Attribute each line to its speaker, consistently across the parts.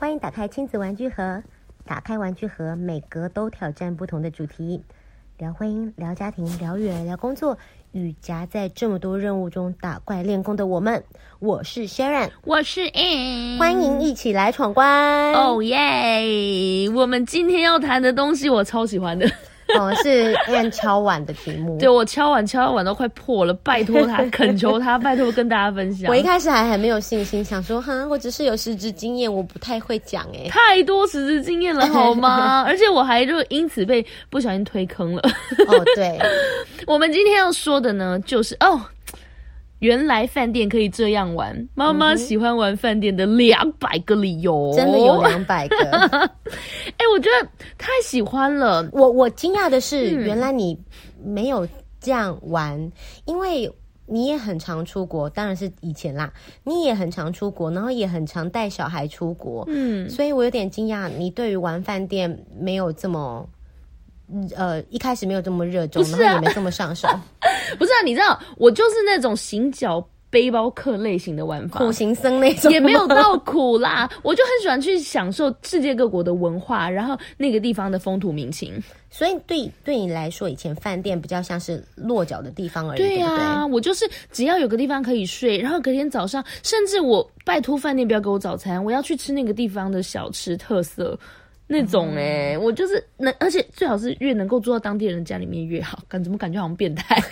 Speaker 1: 歡迎打開親子玩具盒，打開玩具盒，每格都挑戰不同的主題，聊婚姻、聊家庭、聊遠、聊工作，與夾在這麼多任務中打怪練功的我們。我是 Sharon，我是 Ann，歡迎一起來闖關。Oh yeah！
Speaker 2: 我們今天要談的東西，我超喜歡的。哦、是練敲碗的題目，對我
Speaker 1: 敲碗敲到碗都快破了，拜託他懇求他，
Speaker 2: 拜託跟大家分
Speaker 1: 享。我一開始還很沒有信心，想說哈，我只是有實質經驗，我不太會講，誒，太多實質經驗了好嗎？ 而
Speaker 2: 且我還就因此被不小心推坑了。哦、 oh, 對，我們今天要說的呢，就是哦。Oh, 原來飯店可以這樣玩，媽媽喜歡玩飯店的兩百個理由，嗯、真的有兩百
Speaker 1: 個。哎、 欸，我覺得太喜歡了。我我驚訝的是，嗯、原來你沒有這樣玩，因為你也很常出國，當然是以前啦。你也很常出國，然後也很常帶小孩出國。
Speaker 2: 嗯，所以
Speaker 1: 我有點驚訝，你對於玩飯店沒有這麼。嗯、呃，一開始沒有這麼熱衷，啊、然後也沒這麼上手， 不是？啊，你知道，我就是那種行腳背包客類型的玩法，苦行僧那種，也沒有到
Speaker 2: 苦啦。 我就很喜歡去享受世界各國的文化，然
Speaker 1: 後那個地方的風土民情。所以對，對對你來說，以前飯店比較像是落腳的地方而已，對啊，對不對？我
Speaker 2: 就是只要有個地方可以睡，然後隔天早上，甚至我拜託飯店不要給我早餐，我要去吃那個地方的小吃特色。那種哎，嗯、我就是能，而且最好是越能夠住到當地人家裡面越好，感怎麼感覺好像變態？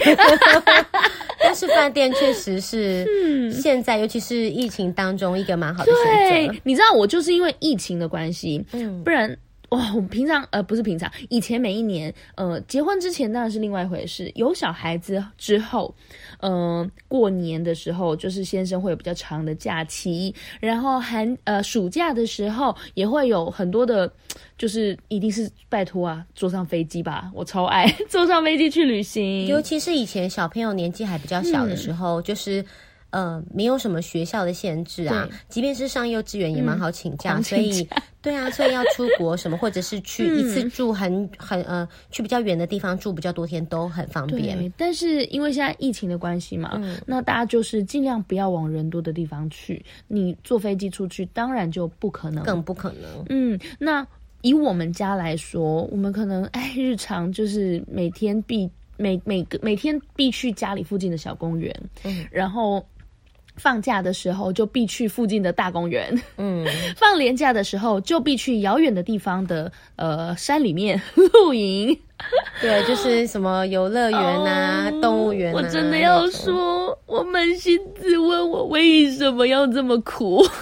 Speaker 1: 但是飯店確實是現在，是尤其是疫情當中一個蠻好的選擇。你知道，我就是因為疫情的關係，嗯、不然。
Speaker 2: 哇、哦，平常呃不是平常，以前每一年，呃結婚之前當然是另外一回事，有小孩子之後，呃過年的時候，就是先生會有比較長的假期，然後寒呃暑假的時候也會有很多的，就
Speaker 1: 是一定是拜託啊，坐上飛機吧，我超愛坐上飛機去旅行，尤其是以前小朋友年紀還比較小的時候，嗯、就是。呃，沒有什麼學校的限制啊，對即便是上幼稚園也蠻好請假，嗯、狂請假，所以對啊，所以要出國什麼， 或者是去一次住很很，很呃，去比較遠的地方住比較多天都很方便。對，但是因為現在疫情的關係嘛，嗯、
Speaker 2: 那大家就是盡量不要往人多的地方去。你坐飛機出去，當然就不可能，更不可能。嗯，那以我們家來說，我們可能哎，日常就是每天必每每個每，每天必去家裡附近的小公園，嗯、然後。放假的時候就必去附近的大公園，嗯，放年假的時候就必去遙遠的地方的呃山裡面露營， 對，就是什麼遊樂園啊、oh, 動物園啊。我真的要說，嗯、我捫心自問，我為什麼要
Speaker 1: 這麼苦？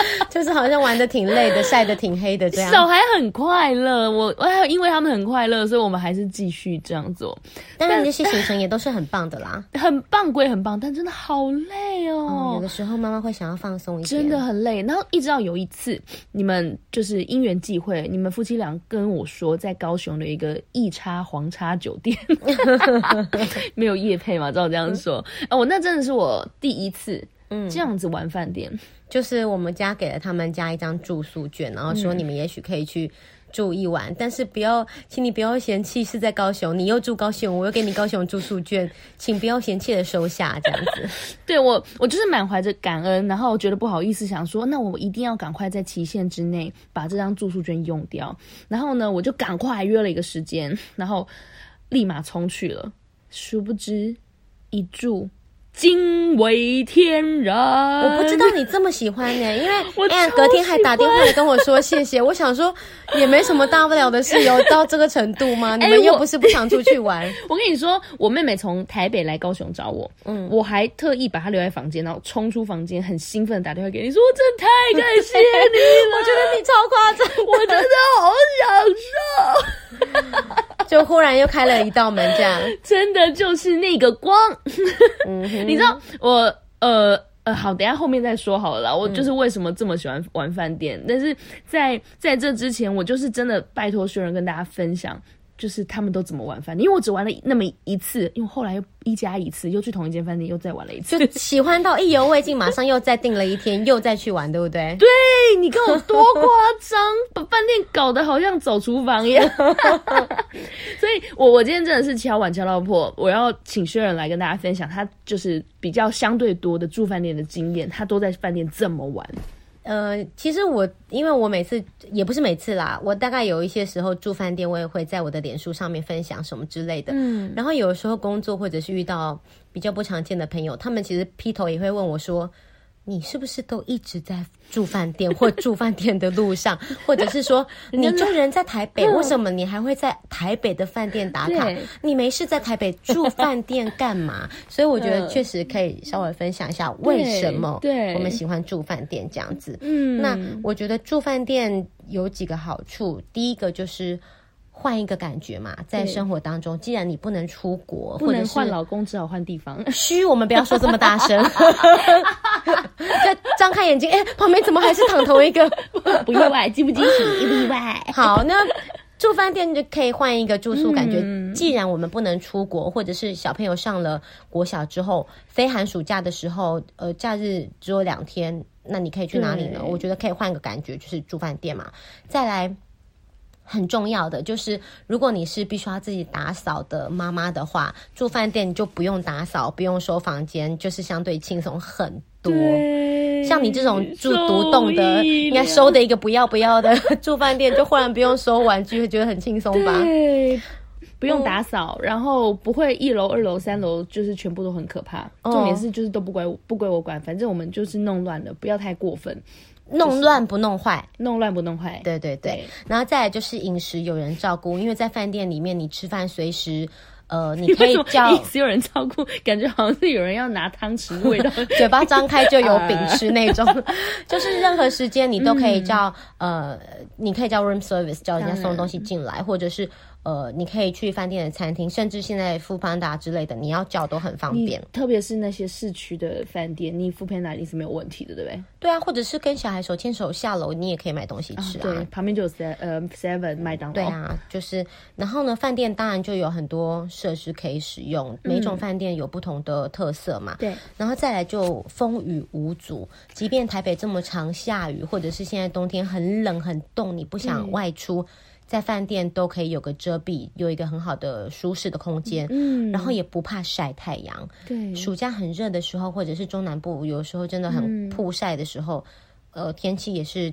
Speaker 1: 就是好像玩得挺累的， 曬得挺黑的，這樣小
Speaker 2: 孩很快樂。我我因為他們很快樂，所以我們還是繼續這樣做。但是這些行程也都是很棒的啦，很棒歸很棒，但真的好累哦、喔嗯。有的時候媽媽會想要放鬆一下，真的很累。然後一直到有一次，你們就是因緣際會，你們夫妻倆跟我說，在高雄的一個一、e、叉黃叉酒店， 沒有業配嘛？照
Speaker 1: 這樣說，嗯、哦，那真的是我第一次。這樣子玩飯店、嗯，就是我們家給了他們家一張住宿券，然後說你們也許可以去住一晚，嗯、但是不要，請你不要嫌棄是在高雄，你又住高雄，我又給你高雄住宿券， 請不要嫌棄的收下，這樣子。 對我，我就是滿懷
Speaker 2: 着感恩，然後我覺得不好意思，想說那我一定要趕快在期限之內把這張住宿券用掉，然後呢，我就趕快約了一個時間，然後立馬衝去了，殊不知一住。驚為天人！
Speaker 1: 我不知道你這麼喜歡誒、欸，因為誒、欸、隔天還打電話來跟我說謝謝。 我想說，也沒什麼大不了的事，有到這個程度嗎？欸、你們又不是不想出去玩。我
Speaker 2: 跟你說，我妹妹從台北來高雄找我，嗯，我還特意把她留在房間，然後衝出房間，很興奮的打電話給你說，說我真的太感謝你
Speaker 1: 了，我覺得你超誇張，我真的好享受。
Speaker 2: 就忽然又開了一道門，這樣 真的就是那個光，你知道我呃呃好，等一下後面再說好了，我就是為什麼這麼喜歡玩飯店，嗯、哼 但是在在這之前，我就是真的拜托 Sharon 跟大家分享。就是他們都怎麼玩飯，因為我只玩了那麼一次，因為後來又一家一次，又去同一間飯店，又再玩了一次，
Speaker 1: 就喜歡到意猶未盡，馬上又再訂了一天， 又再去玩，對不對？對，你看我多誇
Speaker 2: 張， 把飯店搞得好像走廚房一樣。 所以我，我我今天真的是敲碗敲到破，我要請 Sharon 來跟大家分享，他就是比較相對多的住飯店的經
Speaker 1: 驗，他都在飯店這麼玩。呃，其實我因為我每次也不是每次啦，我大概有一些時候住飯店，我也會在我的臉書上面分享什麼之類的。嗯，然後有時候工作或者是遇到比較不常見的朋友，他們其實劈頭也會問我說。你是不是都一直在住飯店或住飯店的路上，或者是說你就人在台北，為什麼你還會在台北的飯店打卡？你沒事在台北住飯店幹嘛？所以我覺得確實可以稍微分享一下為什麼我們喜歡住飯店這樣子。嗯，那我覺得住飯店有幾個好處，第一個就是換一個感覺嘛，在生活當中，既然你不能出國，不能換老公，只好換地方。噓，我們不要說這麼大聲。 啊、就張開眼睛，哎、欸，旁邊怎麼還是躺同一個？不意外，驚不驚喜？意不意外？好，那住飯店就可以換一個住宿感覺。嗯、既然我們不能出國，或者是小朋友上了國小之後，非寒暑假的時候，呃，假日只有兩天，那你可以去哪裡呢？對我覺得可以換個感覺，就是住飯店嘛。再來，很重要的就是，如果你是必須要自己打掃的媽媽的話，住飯店你就不用打掃，不用收房間，就是相對輕鬆很。多讀對像你這種住獨棟的，應該收的一個不要不要的。住飯店，就忽然不用收玩具， 會覺得很輕鬆吧？不用打掃，哦、然後
Speaker 2: 不會一樓二樓三樓就是全部都很可怕。哦、重點是就是都不歸不歸我管，反正我們
Speaker 1: 就是弄亂了，不要太過分。弄亂不弄壞，弄亂不弄壞，對對對。對，然後再來就是飲食有人照顧，因為在飯店裡面你吃飯隨時。呃，你可以叫，所有人照顧，感覺好像是有人要拿湯匙餵的 嘴巴張開就有餅吃那種，uh, 就是任何時間你都可以叫，嗯、呃，你可以叫 room service 叫人家送東西進來，難或者是。呃，你可以去飯店的餐廳，甚至現在 foodpanda 之類的，你要叫都很方便。特別是那些市區的飯店，你 foodpanda 你是沒有問題的，對不對？對啊，或者是跟小孩手牽手下樓，你也可以買東西吃啊。啊對，旁邊就有 se 呃 Seven 麥當勞。對啊，就是，然後呢，飯店當然就有很多設施可以使用，嗯、每種飯店有不同的特色嘛。對，然後再來就風雨無阻，即便台北這麼常下雨，或者是現在冬天很冷很凍，你不想外出。嗯在飯店都可以有個遮蔽，有一個很好的舒適的空間，嗯，然後也不怕曬太陽。對，暑假很熱的時候，或者是中南部有時候真的很曝曬的時候，嗯、呃，天氣也是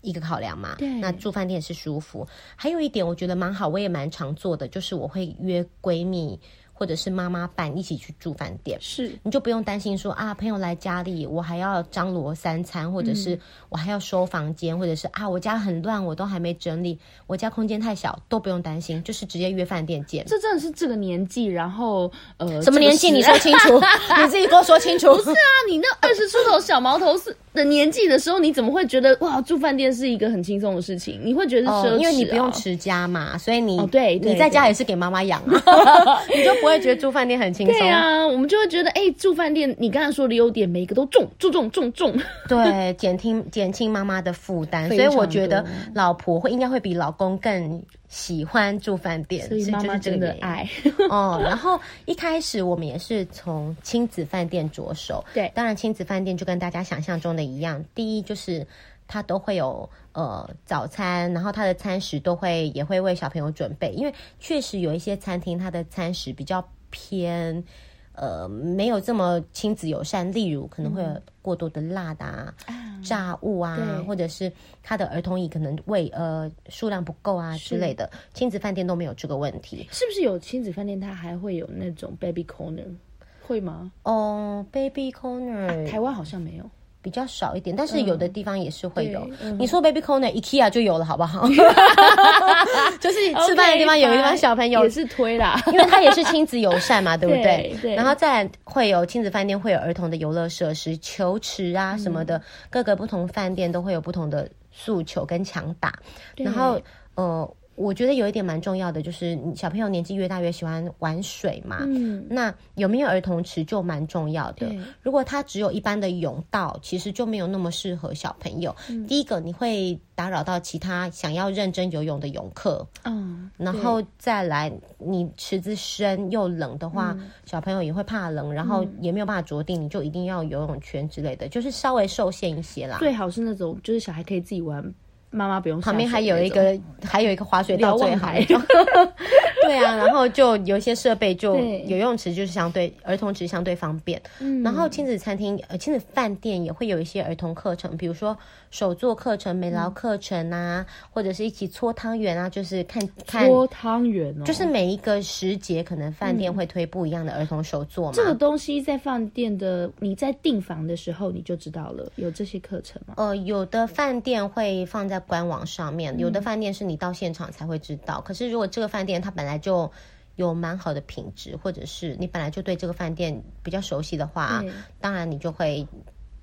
Speaker 1: 一個考量嘛。對，那住飯店也是舒服。還有一點我覺得蠻好，我也蠻常做的，就是我會約閨蜜。或者是媽媽伴一起去住飯店，是，你就不用擔心說，啊朋友來家裡我還要張羅三餐，或者是我還要收房間，嗯、或者是啊我家很亂我都還沒整理，我家空間太小，都不用擔心，就是直接約飯店見。這真的是這個年紀，然後呃什麼年紀，你說清楚， 你自己給我說清楚。不是啊，
Speaker 2: 你那二十出頭小毛頭是。 的年紀的時候，你怎麼會覺得哇，住飯店是一個很輕鬆的事情？你會
Speaker 1: 覺得是奢侈。啊哦、因為你不用持家嘛，所以你、哦、對，對，你在家也是給媽媽養。 你就不會覺得住飯店很輕鬆。對啊，我們就會覺得，哎、欸，住飯店，你剛才說的優點，每一個都重，重，重重。 對，減輕減輕媽媽的負擔，所以我覺得老婆會應該會比老公更。喜歡住飯店，所以媽媽真的愛哦。然後一開始我們也是從親子飯店着手，對，當然親子飯店就跟大家想象中的一樣。第一就是它都會有呃早餐，然後它的餐食都會也會為小朋友準備，因為確實有一些餐廳它的餐食比較偏。呃，沒有這麼親子友善，例如可能會有過多的辣的啊、嗯、炸物啊，對或者是他的兒童椅可能位呃數量不夠啊之類的，親是子飯店都沒有這個問題。是
Speaker 2: 不是有親子飯店，它還
Speaker 1: 會有那種 baby corner，會嗎？哦，oh,baby corner。啊，台灣好像沒有。比較少一點，但是有的地方也是會有。嗯嗯、你說 Baby Corner，IKEA 就有了，好不好？ 就是吃飯的地方有一幫小朋友也是
Speaker 2: 推啦，okay, that 因為他也是親
Speaker 1: 子友善嘛， 對不對？對對，然後再來，會有親子飯店，會有兒童的遊樂設施、球池啊什麼的，嗯、各個不同飯店都會有不同的訴求跟強打。對然後，呃。我覺得有一點蠻重要的，就是小朋友年紀越大越喜歡玩水嘛。嗯，那有沒有兒童池就蠻重要的。對如果他只有一般的泳道，其實就沒有那麼適合小朋友。嗯、第一個，你會打擾到其他想要認真游泳的泳客。嗯，然後再來，你池子深又冷的話，嗯、小朋友也會怕冷，然後也沒有辦法着地，你就一定要游泳圈之類的，就是稍微受限一些啦。最好是那種，就是小孩可以自己玩。媽媽不用。旁邊還有一個，嗯、還有一個滑水道最好。王 對啊，然後就有一些設備，就游泳池就是相對，對兒童池相對方便。嗯，然後親子餐廳、親子飯店也會有一些兒童課程，比如說手作課程、美勞課程啊，嗯、或者是一起搓湯圓啊，就是看看搓
Speaker 2: 湯圓、哦。就是每
Speaker 1: 一個時節，可能飯店會推不一樣的兒童手作。嘛、嗯。這個東西在飯店的，你在訂房的時候你就知道了，有這些課程嗎？呃，有的飯店會放在。官網上面，有的飯店是你到現場才會知道，嗯、可是如果這個飯店它本來就有蠻好的品質，或者是你本來就對這個飯店比較熟悉的話，嗯、當然你就會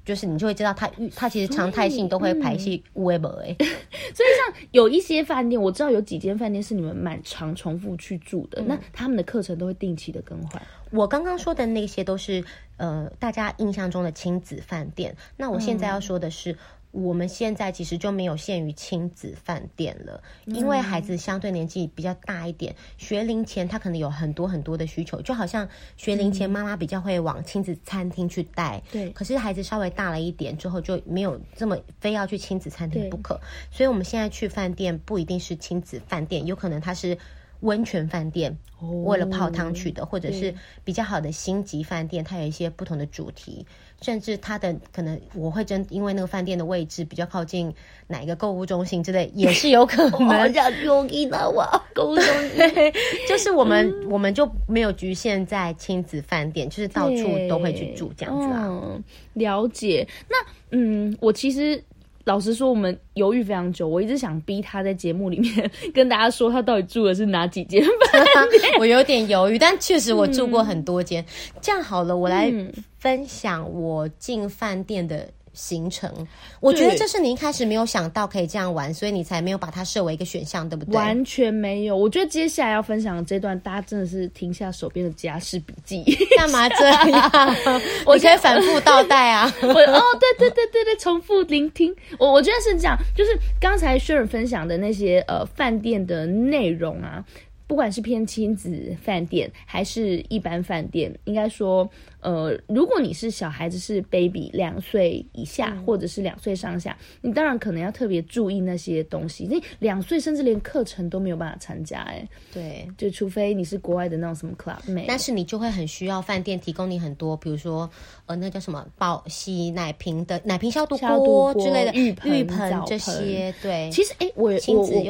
Speaker 1: 就是你就會知道它它其實常態性都會排一些有的沒有的，所以，嗯、 所以像有一些飯店，我知道有幾間飯店是你們蠻常重複去住的，嗯、那他們的課程都會定期的更換。我剛剛說的那些都是呃大家印象中的親子飯店，那我現在要說的是。嗯我們現在其實就沒有限於親子飯店了，因為孩子相對年紀比較大一點，嗯、學齡前他可能有很多很多的需求，就好像學齡前媽媽比較會往親子餐廳去帶，嗯、對。可是孩子稍微大了一點之後，就沒有這麼非要去親子餐廳不可，對所以我們現在去飯店不一定是親子飯店，有可能他是。溫泉飯店，哦、為了泡湯去的，或者是比較好的星級飯店，對它有一些不同的主題，甚至它的可能我會真因為那個飯店的位置比較靠近哪一個購物中心之類，也是， 也是有可能，講東京的哇，購物中心就是我們，我們就沒有局限在親子飯店，就是到處都會去住這樣子啊。嗯、了解，
Speaker 2: 那嗯，我其實。老實說，我們猶豫非常久。我一直想逼他在
Speaker 1: 節目裡面 跟大家說，他到底住的是哪幾間飯店 我有點猶豫，但確實我住過很多間。嗯、這樣好了，我來分享我進飯店的。行程，
Speaker 2: 我覺得這是
Speaker 1: 你一開始沒有想到可以這樣玩，對所以你才沒有把它設為一個選項，對不對？完全沒有。我覺得接下來要分享的這段，大家真的是停下手
Speaker 2: 邊的家事筆記幹嘛這樣？這
Speaker 1: 我覺得可以反覆倒帶啊！哦，
Speaker 2: 對對對對對，重複聆聽。我我覺得是這樣，就是剛才 Sharon 分享的那些呃飯店的內容啊，不管是偏親子飯店還是一般飯店，應該說。呃，如果你是小孩子，是 baby 兩歲以下，嗯、或者是兩歲上下，你當然可能要特別注意那些東西。那兩
Speaker 1: 歲甚至連課程都沒有辦法參加，哎，對，就除非你是國外的那種什麼 club。但是你就會很需要飯店提供你很多，比如說，呃，那叫什麼保喜奶瓶的、奶瓶消毒鍋之類的、浴盆、浴盆、盆這些。對，其實哎，
Speaker 2: 我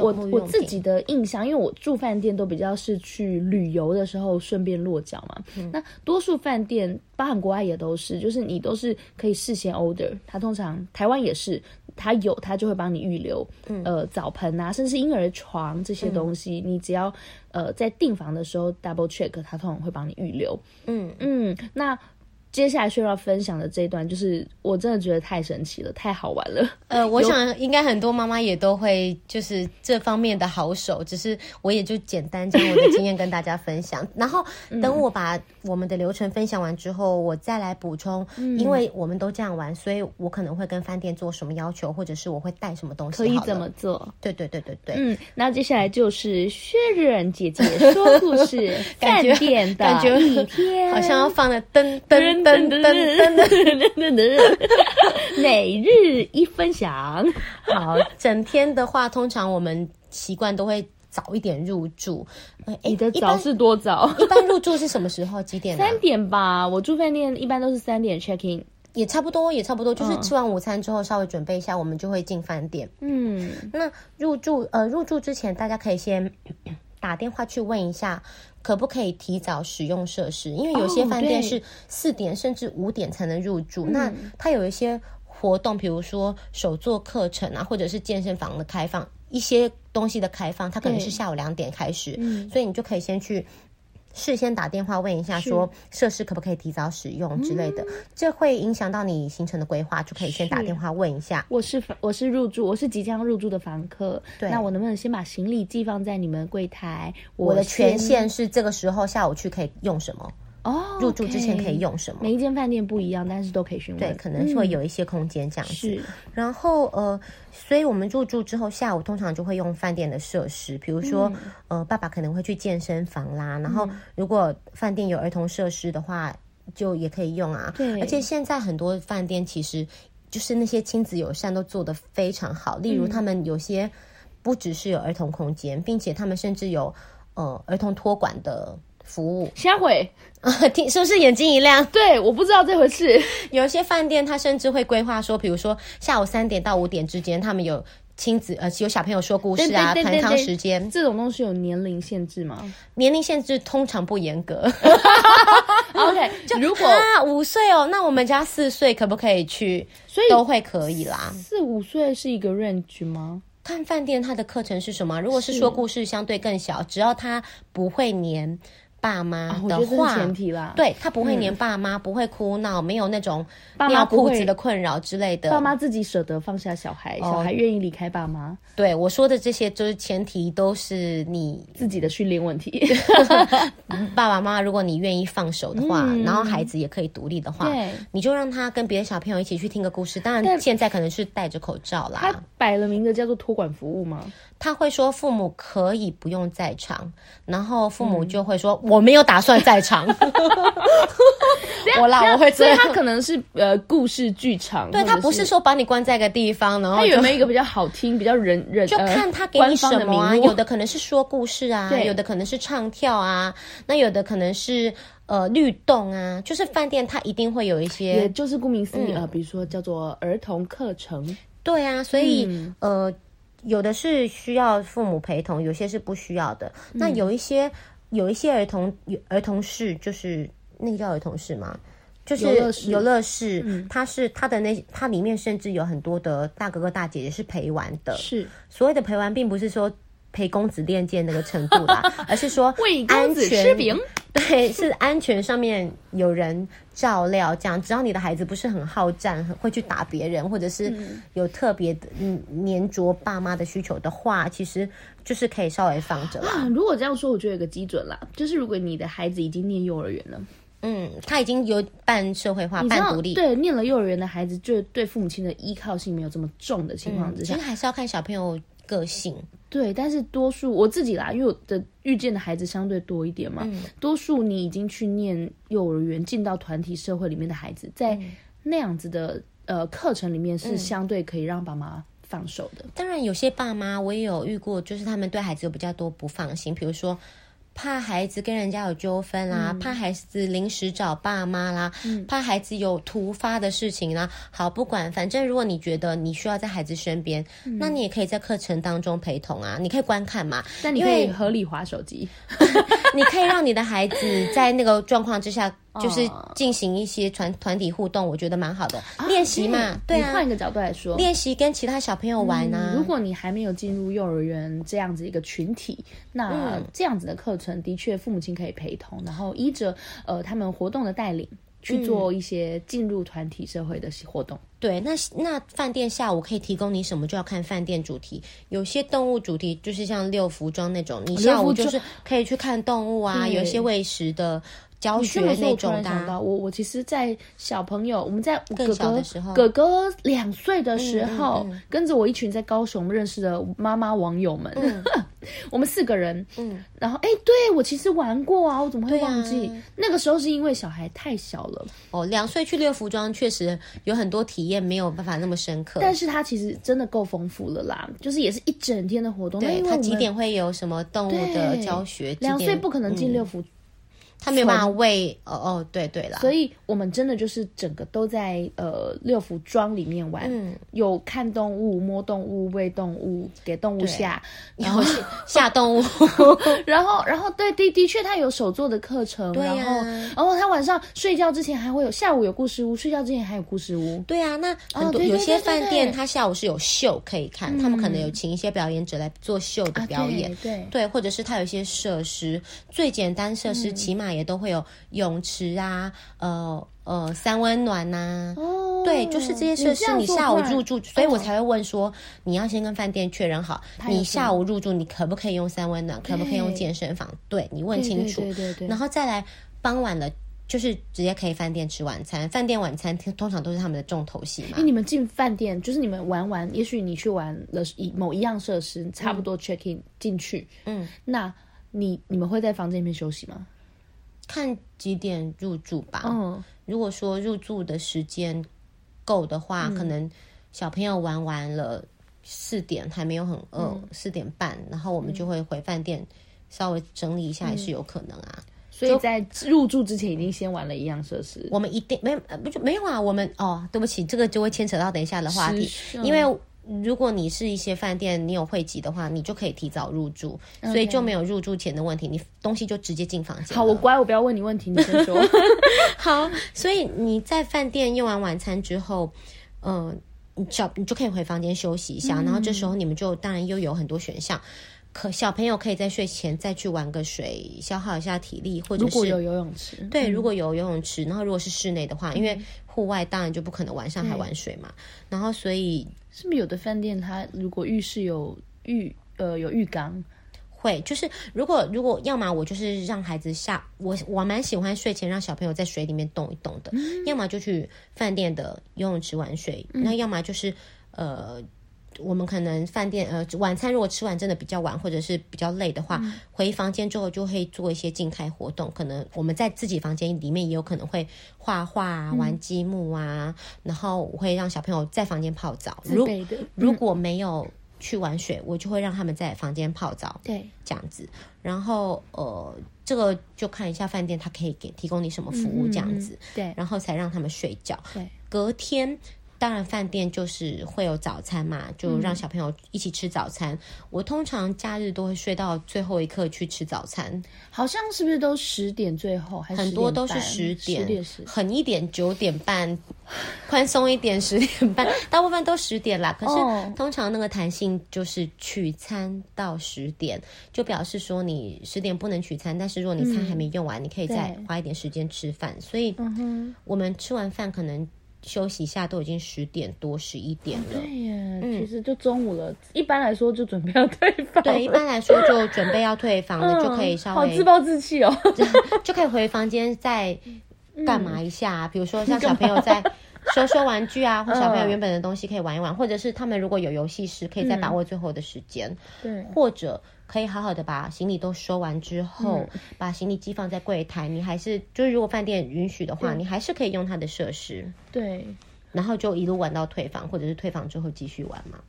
Speaker 2: 我我自己的印象，因為我住飯店都比較是去旅遊的時候順便落腳嘛，嗯、那多數飯店。包含國外也都是，就是你都是可以事先 order。它通常台灣也是，它有它就會幫你預留，嗯、呃，澡盆啊，甚至嬰兒床這些東西，嗯、你只要呃在訂房的時候 double check，它通常會幫你預留。嗯嗯，那。接下來需要分享的這一段，就是我真的覺得太神奇了，太好玩了。
Speaker 1: 呃，我想應該很多媽媽也都會，就是這方面的好手。只是我也就簡單將我的經驗 跟大家分享。然後等我把我們的流程分享完之後，嗯、我再來補充，嗯、因為我們都這樣玩，所以我可能會跟飯店做什麼要求，或者是我會帶什麼東西。可以怎麼做？對對對對對。
Speaker 2: 嗯，那接下來就是薛冉姐姐說故事，飯店的 感覺，感覺片好像要
Speaker 1: 放的燈燈。每日一分享。好，整天的話，通常我們習慣都會早一點入住。呃、你的早、欸、是多早？一般入住是什麼時候？幾點、啊？三點吧。我住飯店一般都是三點 check in，也差不多，也差不多。就是吃完午餐之後，稍微準備一下，我們就會進飯店。嗯，那入住呃入住之前，大家可以先。打電話去問一下，可不可以提早使用設施？因為有些飯店是四點甚至五點才能入住。哦、那它有一些活動，比如說手作課程啊，或者是健身房的開放，一些東西的開放，它可能是下午兩點開始。對所以你就可以先去。事先打電話問一下，說設施可不可以提早使用之類的，嗯，這會影響到你行程的規劃，就可以先打電話問一下。是我是我是入住，我是即將入住的房客，對那我能
Speaker 2: 不能先把行李寄放在你們櫃台？我的權限
Speaker 1: 是這個時候下午去可以用什麼？哦，oh, okay. 入住之前可以用什麼？每一間飯店不一樣，但是都可以詢問。對，可能會有一些空間這樣子。嗯、是，然後呃，所以我們入住之後，下午通常就會用飯店的設施，比如說、嗯、呃，爸爸可能會去健身房啦。然後，如果飯店有兒童設施的話，嗯、就也可以用啊。對，而且現在很多飯店其實就是那些親子友善都做得非常好，例如他們有些不只是有兒童空間，嗯、並且他們甚至有呃兒童托管的。服務瞎會啊，聽，是不是眼睛一亮？對，我不知道這回事。有一些飯店，他甚至會規劃說，比如說下午三點到五點之間，他們有親子呃，有小朋友說故事啊，團康時間。這種東西有年齡限制嗎？年齡限制通常不嚴格。OK，就，如果啊，五歲哦，那我們家四歲可不可以去？所以都會可以啦。四五歲是一個 range 嗎？看飯店他的課程是什麼。如果是說故事，相對更小，只要他不會黏爸媽的話，哦、前提對，他不會黏爸媽，嗯、不會哭鬧，沒有那種尿褲子的困擾之類的爸。爸媽自己舍得放下小孩，哦、小孩願意離開爸媽。對，我說的這些就是前提，都是你自己的訓練問題。 爸爸媽媽，如果你願意放手的話，嗯、然後孩子也可以獨立的話，對你就讓他跟別的小朋友一起去聽個故事。當然，現在可能是戴着口罩啦。他擺了明的叫做托管服務嘛？他會說父母可以不用在場，然後父母就會說。嗯我沒有打算在場， 我啦，我會。所以它可能是呃故事劇場，
Speaker 2: 對它不是說
Speaker 1: 把你關在一個地方，然後他有沒有一個比較好聽、比較人人，就看他給你什麼、啊。的有的可能是說故事啊，對有的可能是唱跳啊，那有的可能是呃律動啊。就是飯店它一定會有一些，也就是
Speaker 2: 顧名思義啊、呃，嗯、比如說叫做
Speaker 1: 兒童課程。對啊，所以、嗯、呃，有的是需要父母陪同，有些是不需要的。嗯、那有一些。有一些兒童兒童室，就是那叫兒童室嗎？
Speaker 2: 就是遊樂室，它、嗯、是遊
Speaker 1: 樂室它的那它裡面甚至有很多的大哥哥大姐姐是陪玩的，是所謂的陪玩，並不是說。陪公子練劍那個程度啦，而是說安全。 為對，是安全上面有人照料， 這樣。只要你的孩子不是很好戰，會去打別人，或者是有特別的、嗯、黏着爸媽的需求的話，其實就是可以稍微放着了，啊。如果這樣說，
Speaker 2: 我覺得有個基準啦。就是如果你的孩子已經念
Speaker 1: 幼兒園了，嗯，他已經
Speaker 2: 有半社會化、半獨立，對，念了幼兒
Speaker 1: 園的孩子，就
Speaker 2: 對父母親的依靠性沒有這麼重的情況之下，嗯、其實還是要看小朋友。個性對，但是多數我自己啦，因為我的遇見的孩子相對多一點嘛。嗯、多數你已經去念幼兒園，進到團體社會裡面的孩子，在那樣子的呃課程裡面，是相對可以讓爸媽放手的。嗯、
Speaker 1: 當然，有些爸媽我也有遇過，就是他們對孩子有比較多不放心，比如說。怕孩子跟人家有糾紛啦，嗯、怕孩子臨時找爸媽啦，嗯、怕孩子有突發的事情啦。好，不管，反正如果你覺得你需要在孩子身邊，嗯、那你也可以在課程當中陪同啊，你可以觀看嘛。但你可以合理滑手機，為 你可以讓你的孩子在那個狀況之下，就是進行一些團團體互動，我覺得蠻好的練習、啊、嘛。欸、對啊，換一個角度
Speaker 2: 來說，練習跟其他小朋友玩呢、啊嗯。如果你還沒有進入幼兒園這樣子一個群體，嗯、那這樣子的課程的確父母親可以陪同，然後依
Speaker 1: 着呃他們活動的帶領去做一些進入團體社會的活動。嗯、對，那那飯店下午可以提供你什麼，就要看飯店主題。有些動物主題就是像六福莊那種，你下午就是可以去看動物啊，有一些餵食的。嗯教學那種的，
Speaker 2: 我我其實，在小朋友，我們在更小的時候，哥哥兩歲的時候，跟着我一群在高雄認識的媽媽網友們，我們四個人，嗯，然後哎，對我其實玩過啊，我怎麼會忘記？
Speaker 1: 那個時候是因為小孩太小了哦，兩歲去六福莊確實有很多體驗沒有辦法那麼深刻，但
Speaker 2: 是他其實真的夠豐富了啦，就是也是一整天的活動，對，他幾點會
Speaker 1: 有什麼動物的教學？兩歲不可能進六福。他沒辦法
Speaker 2: 餵哦，哦對對了，所以我們真的就是整個都在呃六福莊裡面玩，有看動物、摸動物、餵動物、給動物下，然後下動物，然後然後對的的確他有手作的課程，然後
Speaker 1: 然後他晚上睡覺之前還會有下午有故事屋，睡覺之前還有故事屋，對啊，那很多有些飯店他下午是有秀可以看，他們可能有請一些表演者來做秀的表演，對對，或者是他有一些設施，最簡單設施起碼。也都會有泳池啊，呃呃三溫暖吶、啊，哦、對，就是這些設施。你，你下午入住，所以我才會問說，你要先跟飯店確認好，你下午入住，你可不可以用三溫暖，對可不可以用健身房？對，你問清楚，對對對，然後再來。傍晚了，就是直接可以飯店吃晚餐。飯店晚餐通常都是他們的重頭戲嘛。哎，
Speaker 2: 你們進飯店就是你們玩完，也許你去玩了一某一樣設施，差不多 check in 進去，嗯，那你你們會在房間裡面休息嗎？
Speaker 1: 看幾點入住吧。嗯、哦，如果說入住的時間夠的話，嗯、可能小朋友玩完了四點還沒有很餓，四、嗯、點半，然後我們就會回飯店稍微整理一下，也是有可能啊。嗯、就
Speaker 2: 所以在入
Speaker 1: 住之前已經先玩了一樣設施。我們一定沒，不就沒有啊？我們哦，對不起，這個就會牽扯到等一下的話題，是是嗯、因為。如果你是一些飯店，你有會籍的話，你就可以提早入住，Okay. 所以就沒有入住前的問題，你東西就直接進房間。好，我乖，我不要問你問題，你先說。 好，所以你在飯店用完晚餐之後，嗯、呃，你就你就可以回房間休息一下，嗯、然後這時候你們就當然又有很多選項。小朋友可以在睡前再去玩個水，消耗一下體力，或者是如果有游泳池，對，嗯、如果有游泳池，然後如果是室內的話，因為戶外當然就不可能晚上還玩水嘛，嗯、然後所以是不是有的飯店它如果浴室有浴呃有浴缸，會就是如果如果要麼我就是讓孩子下我我蠻喜歡睡前讓小朋友在水裡面動一動的，嗯、要麼就去飯店的游泳池玩水，那、嗯、要麼就是呃。我們可能飯店呃晚餐如果吃完真的比較晚或者是比較累的話，嗯、回房間之後就會做一些靜態活動。可能我們在自己房間裡面也有可能會畫畫、啊、玩積木啊，嗯、然後我會讓小朋友在房間泡澡。自備的。如，嗯、如果沒有去玩水，我就會讓他們在房間泡澡。對，這樣子。然後呃，這個就看一下飯店他可以給提供你什麼服務，嗯、這樣子。嗯、對。然後才讓他們睡覺。對。隔天。當然，飯店就是會有早餐嘛，就讓小朋友一起吃早餐。嗯、我通常假日都會睡到最後一刻去吃早餐，好像是不是都十點最後？還是很多都是十點，十點十狠一點九點半，寬鬆一點十點半，大部分都十點啦。 可是通常那個彈性就是取餐到十點，oh. 就表示說你十點不能取餐，但是如果你餐還沒用完，嗯、你可以再花一點時間吃飯。對所以我們吃完飯可能。休息一下，都已經十點多，十一點了。對呀耶，嗯、其
Speaker 2: 實就中午了。一般來說，就準備要退房。對，一般來說就準備要
Speaker 1: 退房的，嗯、就可以稍微，好自暴自棄哦 就，就可以回房間再幹嘛一下，啊，嗯、比如說像小朋友在。 收 收玩具啊，或小朋友原本的東西可以玩一玩，uh, 或者是他們如果有遊戲室可以再把握最後的時間，嗯。對，或者可以好好的把行李都收完之後，嗯、把行李寄放在櫃台。你還是就是如果飯店允許的話，嗯、你還是可以用它的設施。對，然後就一路玩到退房，或者是退房之後繼續玩嘛。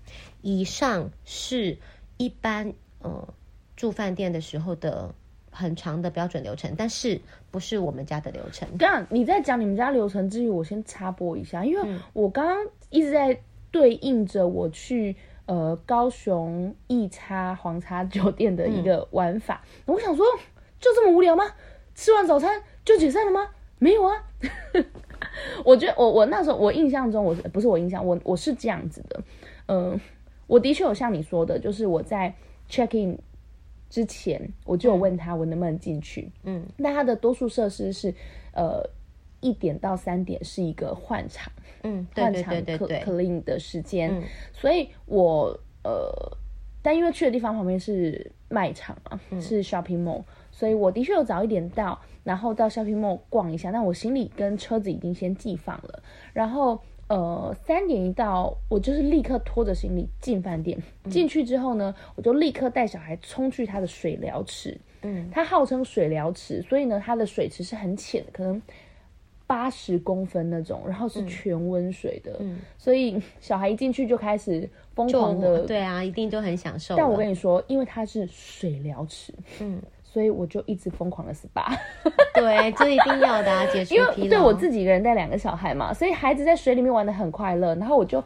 Speaker 1: 以上是一般呃住飯店的時候的。很長的標準流程，但是不是我們家的流程？這樣，你在講你們家流程之餘，我先插播一下，因為我剛剛
Speaker 2: 一直在對應着我去，嗯、呃高雄一叉黃叉酒店的一個玩法。嗯、我想說，就這麼無聊嗎？吃完早餐就解散了嗎？沒有啊！ 我覺得我我那時候我印象中我，我不是我印象，我我是這樣子的。嗯、呃，我的確有像你說的，就是我在 check in。之前我就有問他我能不能進去嗯，嗯，那他的多數設施是，呃，一點到三點是一個換場，嗯、換場 clean cle 的時間，嗯、所以我呃，但因為去的地方旁邊是賣場啊，嗯、是 shopping mall，所以我的確有早一點到，然後到 shopping mall 逛一下，但我行李跟車子已經先寄放了，然後。呃，三點一到，我就是立刻拖着行李進飯店。進、嗯、去之後呢，我就立刻帶小孩衝去他的水療池。嗯，他號稱水療池，所以呢，他的水池是很淺的，可能八十公分那種，然後是全溫水的。嗯、所以小孩一進去就開始瘋狂的了，對
Speaker 1: 啊，一定都很享受。但我跟你
Speaker 2: 說，因為他是水療池，嗯。所以我就一直瘋狂的 SPA，
Speaker 1: 對， 這一定要的，啊，解除疲勞。因為對我自己
Speaker 2: 一個人帶兩個小孩嘛，所以孩子在水裡面玩得很快樂，然後我就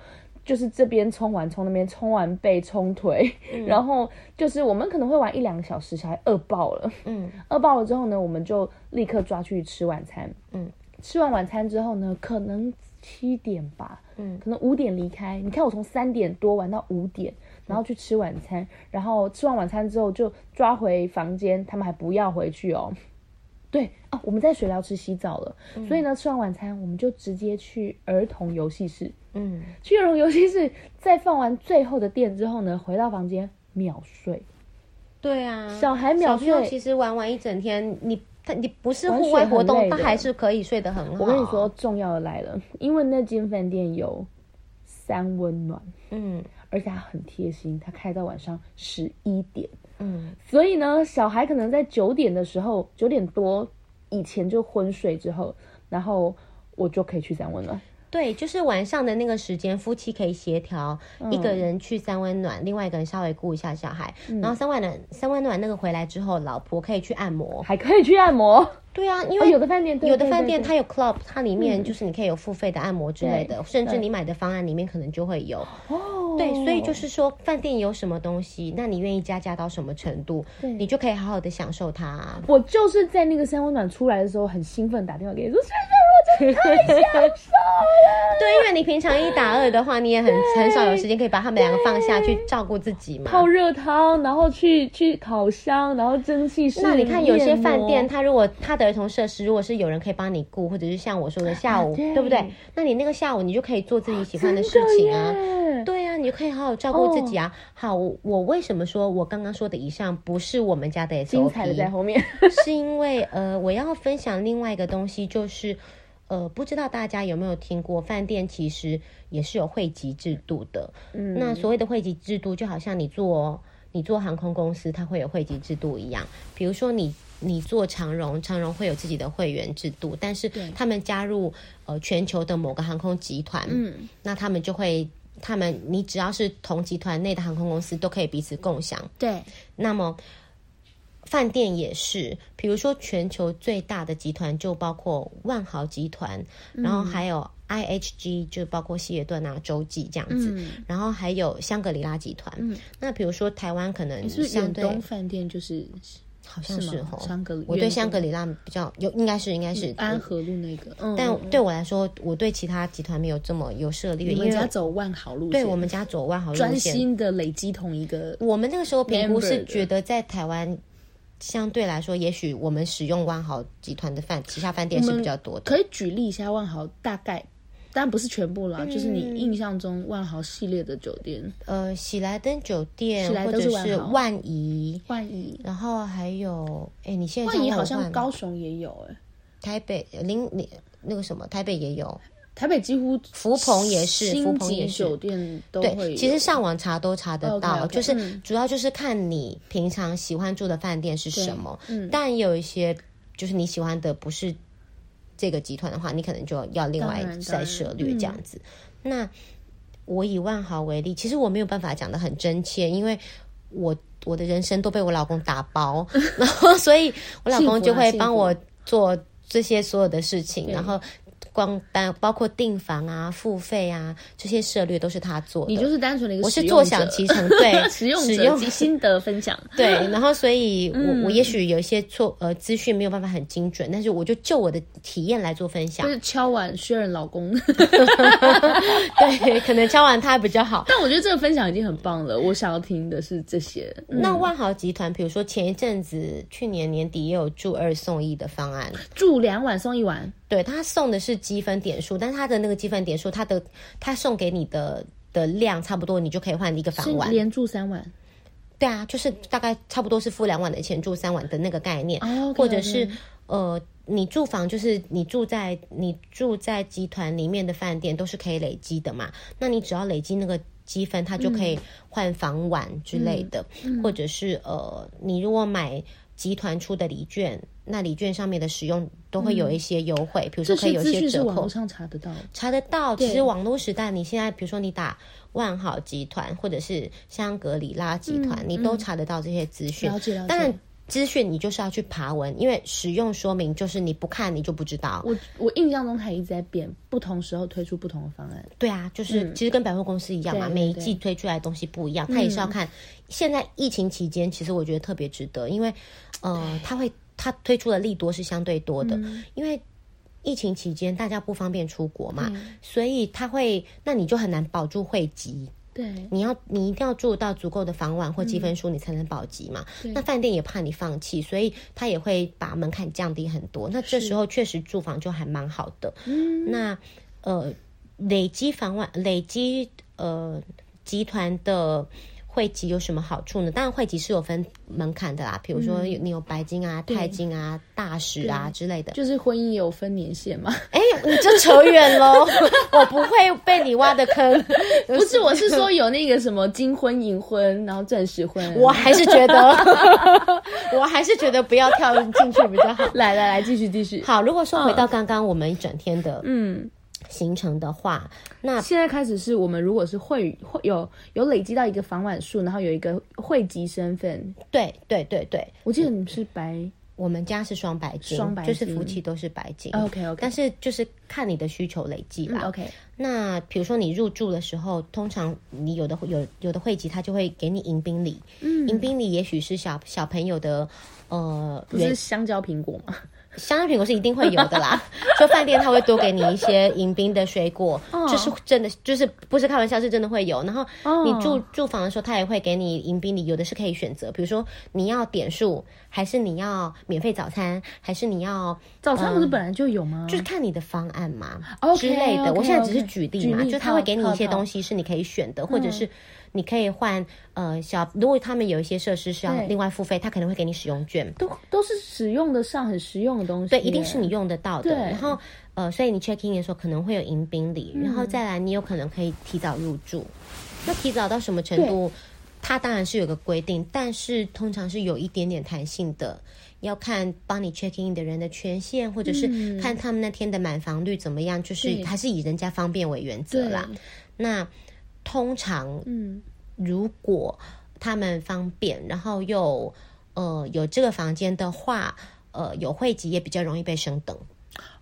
Speaker 2: 就是這邊沖完沖那邊，沖完背沖腿，嗯、然後就是我們可能會玩一兩個小時，小孩餓爆了，嗯，餓爆了之後呢，我們就立刻抓去吃晚餐，嗯，吃完晚餐之後呢，可能七點吧，嗯，可能五點離開。你看我從三點多玩到五點。然後去吃晚餐，然後吃完晚餐之後就抓回房間，他們還不要回去哦。對啊，哦、我們在水療池洗澡了，嗯，所以呢，吃完晚餐我們就直接去兒童遊戲室。嗯，去兒童遊戲室，在放完最後的電之後呢，回到房間秒睡。
Speaker 1: 對啊，小孩秒睡，小朋友其實玩完一整天，你他你不是戶外活動，他還是可以睡得很好，啊。我跟你說，
Speaker 2: 重要的來了，因為那間飯店有三溫暖。嗯。而且他很貼心，他開到晚上十一點，嗯，所以呢，小孩可能在九點的時候，九點多以前就昏睡之後，然後我就可以去三溫暖了。
Speaker 1: 對，就是晚上的那個時間，夫妻可以協調、嗯、一個人去三溫暖，另外一個人稍微顧一下小孩，嗯、然後三溫暖三溫暖那個回來之後，老婆可以去按摩，還可以去按摩。對啊，因為有的飯店有的飯店它有 club，它裡面就是你可以有付費的按摩之類的，嗯、甚至你買的方案裡面可能就會有。哦對，對，對，所以就是說飯店有什麼東西，那你願意加價到什麼程度，對你就可以好好的享受它，啊。我就是在那個三溫暖出來的時候很興奮，打電話給你說 太享受素了。 對，因為你平常一打二的話，你也很對很少有時間可以把他們兩個放下去照顧自己嘛。泡熱湯，然後去
Speaker 2: 去烤箱，然後蒸汽。那你看，有些飯店他
Speaker 1: 如果他的兒童設施，如果是有人可以幫你顧，或者是像我說的下午，啊、對，對不對？那你那個下午，你就可以做自己喜歡的事情啊。哦、對啊，你就可以好好照顧自己啊。哦、好，我為什麼說我剛剛說的以上不是我們家的？精彩的在後面， 是因為呃，我要分享另外一個東西，就是。呃，不知道大家有沒有聽過，飯店其實也是有會籍制度的。嗯，那所謂的會籍制度，就好像你做你做航空公司，它會有會籍制度一樣。比如說你，你你做長榮，長榮會有自己的會員制度，但是他們加入對呃全球的某個航空集團，嗯，那他們就會，他們你只要是同集團內的航空公司都可以彼此共享。對，那麼。飯店也是，比如說全球最大的集團就包括萬豪集團，嗯、然後還有 IHG，就包括希爾頓啊、洲際這樣子，嗯、然後還有香格里拉集團。嗯、那比如說台灣可能相對，就是遠東
Speaker 2: 飯店就是
Speaker 1: 好像是香格吼，嗎我對香格里拉比較有，應該是應該是安和路那個。嗯、但對我來說，我對其他集團沒有這麼有涉獵，因為我家走萬豪路線。對，我們家走萬豪路線，專心的累積同一個。我們那個時候評估是覺得在台灣。相對來說，也許我們使用萬豪集團的飯，旗下飯店是比較
Speaker 2: 多的。可以舉例一下萬豪，大概當然不是全部啦，嗯、就是你印象中萬豪系列的酒店，呃，喜來登酒店喜登或者是萬怡、萬怡
Speaker 1: 宜，萬宜然後還有，哎、欸，你現在萬怡好像高雄也有、欸，哎，台北、零林那個什麼，台北也有。台北幾乎福朋也是，福朋也是。對，其實上網查都查得到，okay, okay, 就是主要就是看你平常喜歡住的飯店是什麼。嗯、但有一些就是你喜歡的不是這個集團的話，你可能就要另外再涉獵這樣子。嗯、那我以萬豪為例，其實我沒有辦法講得很真切，因為我我的人生都被我老公打包， 然後所以我老公就會幫我做這些所有的事情，啊、然後。光單包括訂房啊、付費啊這些策略，啊、些都是他做，你就是
Speaker 2: 單純的一個，我是坐享其成，對， 使用者及心得分享，
Speaker 1: 對。然後，所以我、嗯、我也許有一些錯呃資訊沒有辦法很精準，但是我就就我的體驗來做分享。就
Speaker 2: 是敲碗 Sharon 老公，
Speaker 1: 對，可能敲完他還比較好。 但我覺得這個分享已經很棒了。我想要聽的是這些。嗯、那萬豪集團，比如說前一陣子去年年底也有住二送一的方案，住兩晚送一晚。對，他送的是積分點數，但他的那個積分點數，他的他送給你的的量差不多，你就可以換一個房晚，是連住三晚。對啊，就是大概差不多是付兩晚的錢住三晚的那個概念，oh, okay. 或者是呃，你住房就是你住在你住在集團裡面的飯店都是可以累積的嘛。那你只要累積那個積分，它就可以換房晚之類的，嗯嗯，或者是呃，你如果買。集團出的禮券，那禮券上面的使用都會有一些優惠，嗯、比如說可以有一些折扣。這些資訊是網路上查得到，查得到。對其實網絡時代，你現在比如說你打萬豪集團或者是香格里拉集團，嗯、你都查得到這些資訊、嗯嗯。了解了解。但，資訊你就是要去爬文，因為使用說明就是你不看，你就不知道。我我印象中它一直在變，不同時候推出不同的方案。對啊，就是、嗯、其實跟百貨公司一樣嘛，對對對每一季推出來的東西不一樣，它也是要看。現在疫情期間，其實我覺得特別值得，因為。呃，他會他推出的利多是相對多的，嗯、因為疫情期間大家不方便出國嘛，嗯、所以他會那你就很難保住匯集會籍。對，你要你一定要住到足夠的房晚或積分數，你才能保級嘛。嗯、那飯店也怕你放棄，所以他也會把門檻降低很多。那這時候確實住房就還蠻好的。是那呃，累積房晚累積呃集團的，會籍有什麼好處呢？當然，會籍是有分門檻的啦。比如說，你有白金啊、鈦、嗯、金啊、對大使啊之類的，就是婚姻有分年限嗎？哎，你就扯遠嘍， 我不會被你挖的坑。 不是，我是說有
Speaker 2: 那個什麼金婚、銀婚，然後鑽石婚，我還是覺得，
Speaker 1: 我還是覺得不要跳進去比較好。 來來來，繼續繼續。好，如果說回到剛剛我們一整天的，嗯。形成的話，那現在開始是我
Speaker 2: 們如果是會會有有累積到一個房晚數，然後有一個會籍身份。
Speaker 1: 對對對對，我記得你是白，我，我們家是雙白金，白金就是夫妻都是白金。OK OK，但是就是看你的需求累積吧。嗯、OK，那比如說你入住的時候，通常你有的有有的會籍，他就會給你迎賓禮。嗯、迎賓禮也許是小小朋友的呃，不是香蕉蘋果嗎？香蕉、蘋果是一定會有的啦。 說飯店他會多給你一些迎賓的水果，oh. 就是真的，就是不是開玩笑，是真的會有。然後你住、oh. 住房的時候，他也會給你迎賓禮，你有的是可以選擇，比如說你要點數，還是你要免費早餐，還是你要、嗯、早餐不是本來就有嗎？就是看你的方案嘛，okay, okay, okay, okay, 之類的。我現在只是舉例嘛，okay, okay. 舉例就他會給你一些東西是你可以選的，泡泡或者是。泡泡嗯你可以換呃小，如果他們有一些設施是要另外付費，對他可能會給你使用券，都
Speaker 2: 都是使用得上很實用的東西，對，一定是你
Speaker 1: 用得到的。對然後呃，所以你 check in 的時候可能會有迎賓禮，嗯、然後再來你有可能可以提早入住。嗯、那提早到什麼程度？對他當然是有個規定，但是通常是有一點點彈性的，要看幫你 check in 的人的權限，或者是看他們那天的滿房率怎麼樣，嗯、就是還是以人家方便為原則啦。對那。通常，嗯，如果他們方便，嗯、然後又呃有這個房間的話，呃有會籍也比較容易被升等。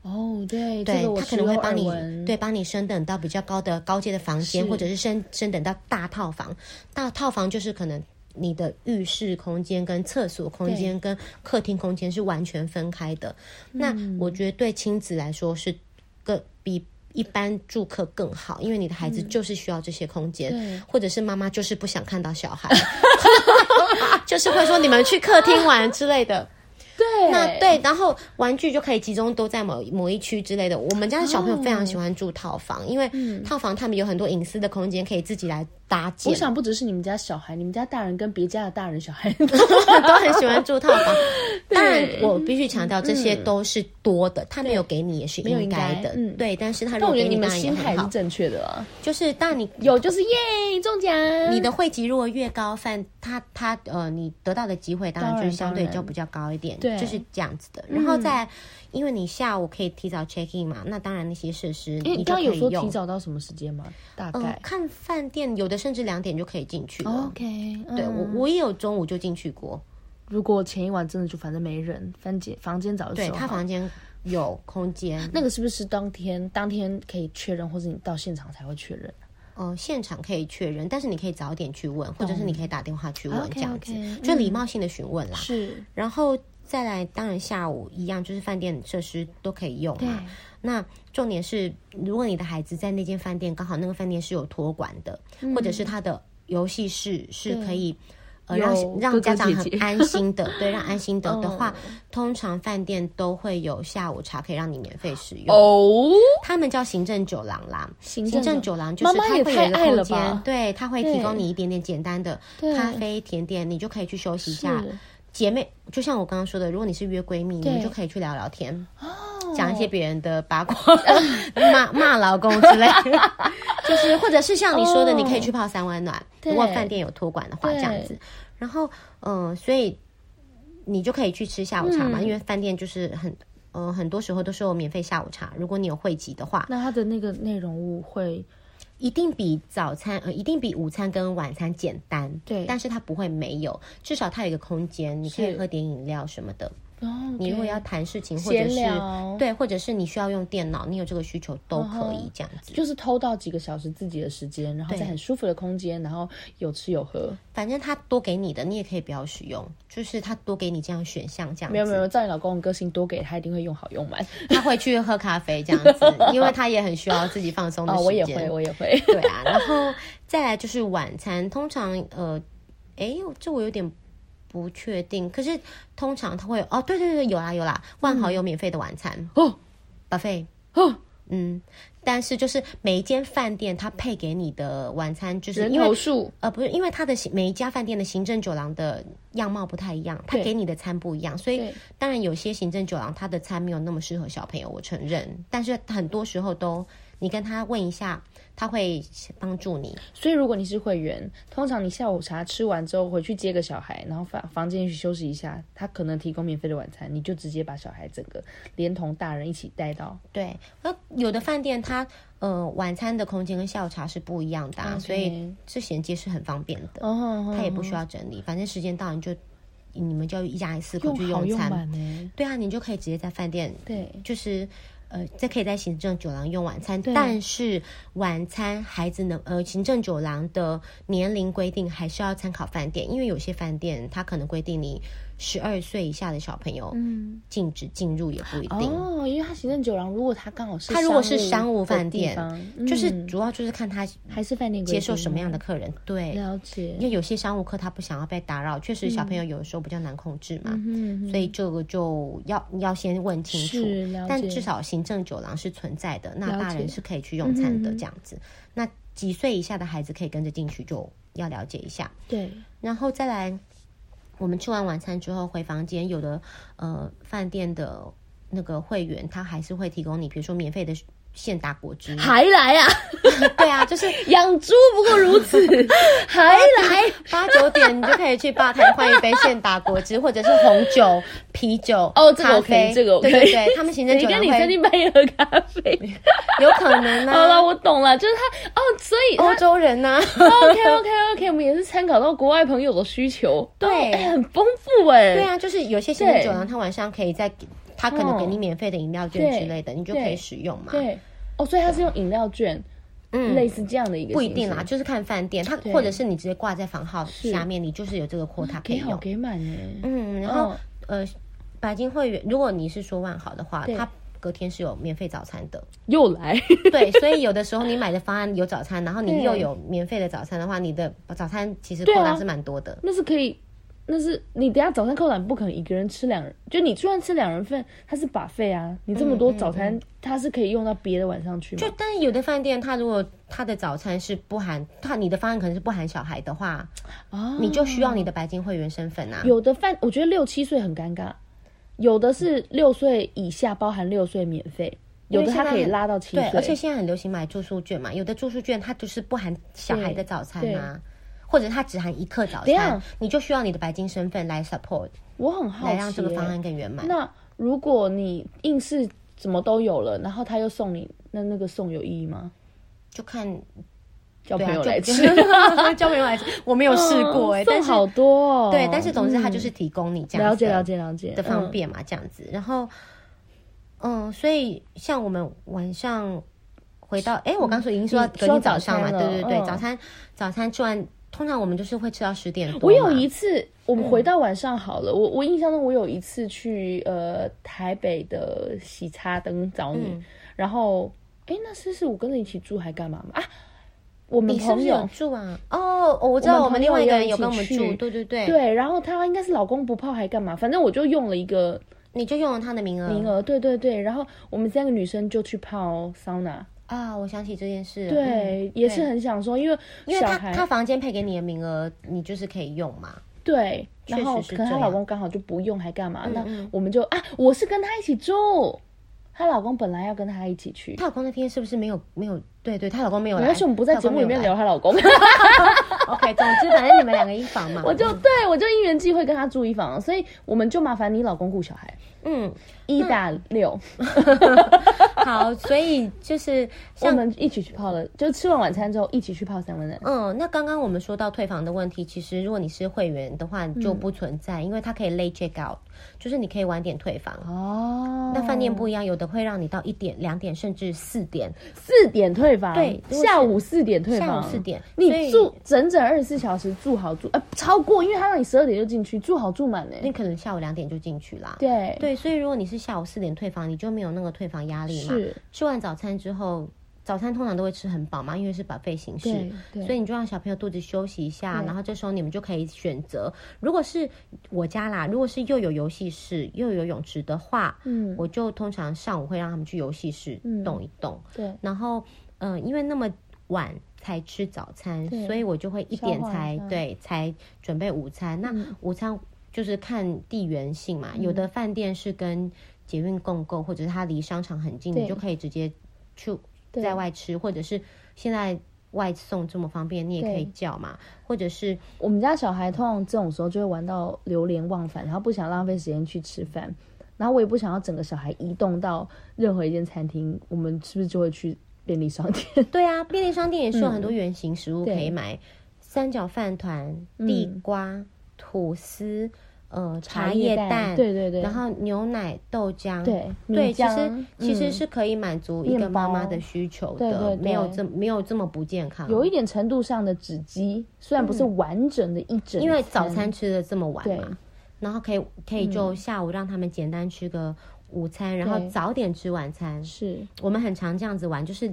Speaker 1: 哦，對，對，他可能會幫你，對，幫你升等到比較高的高階的房間，是或者是升升等到大套房。大套房就是可能你的浴室空間、跟廁所空間、跟客廳空間是完全分開的。對那我覺得對親子來說是更比。一般住客更好，因為你的孩子就是需要這些空間，嗯、或者是媽媽就是不想看到小孩， 就是會說你們去客廳玩之類的。對，那對，然後玩具就可以集中都在某某一區之類的。我們家的小朋友非常喜歡住套房，哦、因為套房他們有很多隱私的空間，可以自己來。我想不只是你們家小孩，你們家大人跟別家的大人小孩
Speaker 2: 都很喜歡住套
Speaker 1: 房。當然，我必須強調這些都是多的，他沒有給你也是應該的。對，但是他如果給，你們心態是正確的，就是當你有，就是耶，中獎，你的會籍如果越高，范他他呃，你得到的機會當然就相對就比較高一點，就是這樣子的。然後再。因為你下午可以提早 check in 嘛，那當然那些設施你知道、欸、有說提早到什麼時間嗎？大概、呃、看飯店有的甚至兩點就可以進去了。OK，、嗯、對我我也有中午就進去過。如果前一晚真的就反正沒人，房間房間早就收了。對，他房間有空間， 那個是不是當天當天可以確認，或是你到現場才會確認？嗯、呃，現場可以確認，但是你可以早點去問，或者是你可以打電話去問這樣子，okay, okay，嗯、就禮貌性的詢問啦。是，然後。再來，當然下午一樣，就是飯店設施都可以用。對。那重點是，如果你的孩子在那間飯店，剛好那個飯店是有托管的，或者是他的遊戲室是可以呃讓讓家長很安心的，對，讓安心的的話，通常飯店都會有下午茶可以讓你免費使用。他們叫行政酒廊啦，行政酒廊就是他會有一個空間，對他會提供你一點點簡單的咖啡甜點，你就可以去休息一下。姐妹，就像我剛剛說的，如果你是約閨蜜，對你們就可以去聊聊天，哦、講一些別人的八卦， 罵罵老公之類， 就是或者是像你說的，哦、你可以去泡三溫暖，對如果飯店有托管的話，對這樣子。然後，嗯、呃，所以你就可以去吃下午茶嘛，嗯、因為飯店就是很，呃，很多時候都是有免費下午茶，如果你有會籍的話，那它的那個內容物會。一定比早餐，呃，一定比午餐跟晚餐簡單，對。但是它不會沒有，至少它有一個空間，你可以喝點飲料什麼的。Okay, 你如果要談事情，或者是聊對，或者是你需要用電腦，你有這個需求都可以這樣子，啊，就是偷到幾個小時自己的時間，然後在很舒服的空間，對然後有吃有喝。反正他多給你的，你也可以不要使用，就是他多給你這樣選項這樣子。沒有沒有，在你老公的個性多給他，一定會用好用完。 他會去喝咖啡這樣子，因為他也很需要自己放鬆的時間。哦，我也會，我也會。 對啊，然後再來就是晚餐，通常呃，哎、欸，這我有點不。不確定，可是通常他會哦，對對對，有啦有啦，萬豪有免費的晚餐哦 buffet 哦，嗯，但是就是每一間飯店他配給你的晚餐就是因為人呃，不是，因為他的每一家飯店的行政酒廊的樣貌不太一樣，他給你的餐不一樣，對所以對當然有些行政酒廊他的餐沒有那麼適合小朋友，我承認，但是很多時候都你跟他問一下。他會幫助
Speaker 2: 你，所以如果你是會員，通常你下午茶吃完之後回去接個小孩，然後房房間去休息一下，他可能提供免費的晚餐，你就直接把小孩整個連同大人一起
Speaker 1: 帶到。對，那有的飯店它呃晚餐的空間跟下午茶是不一樣的啊，Okay. 所以這銜接是很方便的，他、oh, oh, oh, oh. 也不需要整理，反正時間到你就你們就一家四口去用餐。用好用滿欸、對啊，你就可以直接在飯店，對，就是。呃，這可以在行政酒廊用晚餐，對但是晚餐孩子能呃行政酒廊的年齡規定還是要參考飯店，因為有些飯店它可能規定你。十二歲以下的小朋友禁止進入也不一定、嗯、哦，因為他行政酒廊如果他剛好是，他如果是商務飯店，嗯、就是主要就是看他還是飯店接受什麼樣的客人，對，了解。因為有些商務客他不想要被打擾，確實小朋友有的時候比較難控制嘛，嗯、所以這個就要要先問清楚。但至少行政酒廊是存在的，那大人是可以去用餐的這樣子。嗯、那幾歲以下的孩子可以跟着進去，就要了解一下。對，然後再來。我們吃完晚餐之後回房間，有的呃飯店的那個會員，他還是會提供你，比如說免費的。現打果汁還來啊？對啊，就是養豬不過如此，還來八九點你就可以去吧台換一杯現打果汁，或者是紅酒、啤酒哦，咖啡，這個可以，對對對，這個可以。他們行政酒廊會，你跟你餐廳半夜喝咖啡？有可能啊。好啦，我
Speaker 2: 懂了，就是他哦，所以歐洲人啊。OK OK OK，我們也是參考到國外朋友的需求，對，很豐富哎。對啊，就是有些行政酒廊，他
Speaker 1: 晚上可以再。他可能給你免費的飲料券之類的，哦、你就可以使用嘛對。對，哦，所以他是用飲料券，嗯對，類似這樣的一個，不一定啦、啊，就是看飯店，他或者是你直接掛在房號下面，對你就是有這個擴大可以有，啊、給好幾萬嗯，然後、哦、呃，白金會員，如果你是說萬豪的話，對他隔天是有免費早餐的。又來？ 對，所以有的時候你買的方案有早餐，然後你又有免費的早餐的話，你的早餐其實擴大是蠻多的、啊。
Speaker 2: 那是可以。那是你等下早餐扣打不可能一個人吃兩人，就你雖然吃兩人份，他是 buffet 啊，你這麼多早餐他、嗯嗯嗯、是可以用到別的晚上去。
Speaker 1: 就但有的飯店他如果他的早餐是不含，他你的方案可能是不含小孩的話，
Speaker 2: 哦、你就需要你的
Speaker 1: 白金會員身份啊。有
Speaker 2: 的飯我覺得六七歲很尷尬，有的是六歲以下包含六歲免
Speaker 1: 費，有的它可以拉到七歲，而且現在很流行買住宿券嘛，有的住宿券它就是不含小孩的早餐啊。或者他只含一客早餐，你就需要你的白金身份來 support，我很好奇，來讓這個方案更圓滿。那如果你硬是怎麼
Speaker 2: 都有了，然後他又送你，那那個送有意義嗎？就看叫朋友來吃，叫
Speaker 1: 朋友來吃，我沒有試過，哎，送好多哦，對，但是總之他就是提供你這樣了解、了解、了解的方便嘛，這樣子。然後，嗯，所以像我們晚上回到，哎，我剛說已經說隔天早上嘛，對對對，早餐早餐吃完。那我們就是會吃到十點多。我有一
Speaker 2: 次，嗯、我們回到晚上好了。我我印象中，我有一次去呃台北的喜來登找你，嗯、然後哎，那是是我跟着一起住還幹嘛嗎？啊，我們朋友
Speaker 1: 是
Speaker 2: 是住啊？哦，我知道我們，我們另外一個人有跟我們住，對對對對。然後他應該是老公不泡還幹嘛？反正我就用了一個，你就用了他的名額，名額，對對對。然後我們三個女生就去泡桑、哦、拿。Sana
Speaker 1: 啊、哦！我想起這件事對，嗯，對，也是很想說，因為小孩，因為她她房間配給你的名額，你就是可以用嘛。對，確實是，然後可是她老公
Speaker 2: 剛好就不用，還幹嘛？嗯嗯，那我們就啊，我是跟她一起住，她老公本來要跟她一起去，她老公那天是不是沒有沒有？對對，對，她老公沒有來，但是我們不在節目裡面聊她老公，老公 ？OK，總之反正你們兩個一房嘛，我就、嗯、對我就因緣際會跟她住一房，所以我們就麻煩你老公顧小孩，嗯。一打六，好，所以就是我們一起去泡了，就吃完晚餐之後一起去泡三
Speaker 1: 溫暖。嗯，那剛剛我們說到退房的問題，其實如果你是會員的話，你就不存在，因為他可以 late check out，就是你可以晚點退房。哦，那飯店不一樣，有的會讓你到一點、兩點甚至四點，
Speaker 2: 四點退房，對，下午四
Speaker 1: 點退房，四點，你住
Speaker 2: 整整二十四小時住好住，呃，超過，因為他讓你十二點就進去住好住
Speaker 1: 滿嘞，你可能下午兩點就進去啦。對，對，所以如果你是是下午四點退房，你就沒有那個退房壓力嘛？是。吃完早餐之後，早餐通常都會吃很飽嘛，因為是 buffet 形式，所以你就讓小朋友肚子休息一下。然後這時候你們就可以選擇，如果是我家啦，如果是又有遊戲室又有泳池的話，嗯，我就通常上午會讓他們去遊戲室動一動。對。然後，嗯，因為那麼晚才吃早餐，所以我就會一點才對才準備午餐。那午餐。就是看地緣性嘛，嗯、有的飯店是跟捷運共構，或者是它離商場很近，對你就可以直接去在外吃，對或者是現在外送這麼方便，你也可以叫嘛。對或者是我們家小孩通常這種時候就會玩到流連
Speaker 2: 忘返，然後不想浪費時間去吃飯，然後我也不想要整個小孩移動到任何一
Speaker 1: 間餐廳，我們是不是就會去便利商店？對啊，便利商店也是有、嗯、很多原型食物可以買，對三角飯糰、地瓜。嗯吐司，呃，茶葉蛋，對對對，然後牛奶、豆漿，對對，其實其實是可以滿足一個媽媽的需求的，沒有這沒有這麼不健康，有一點程
Speaker 2: 度上的止飢，雖然不是完整的一整餐，因為早餐吃得這麼晚
Speaker 1: 嘛，然後可以可以就下午讓他們簡單吃個午餐，然後早點吃晚餐，是，我們很常這樣子玩，就是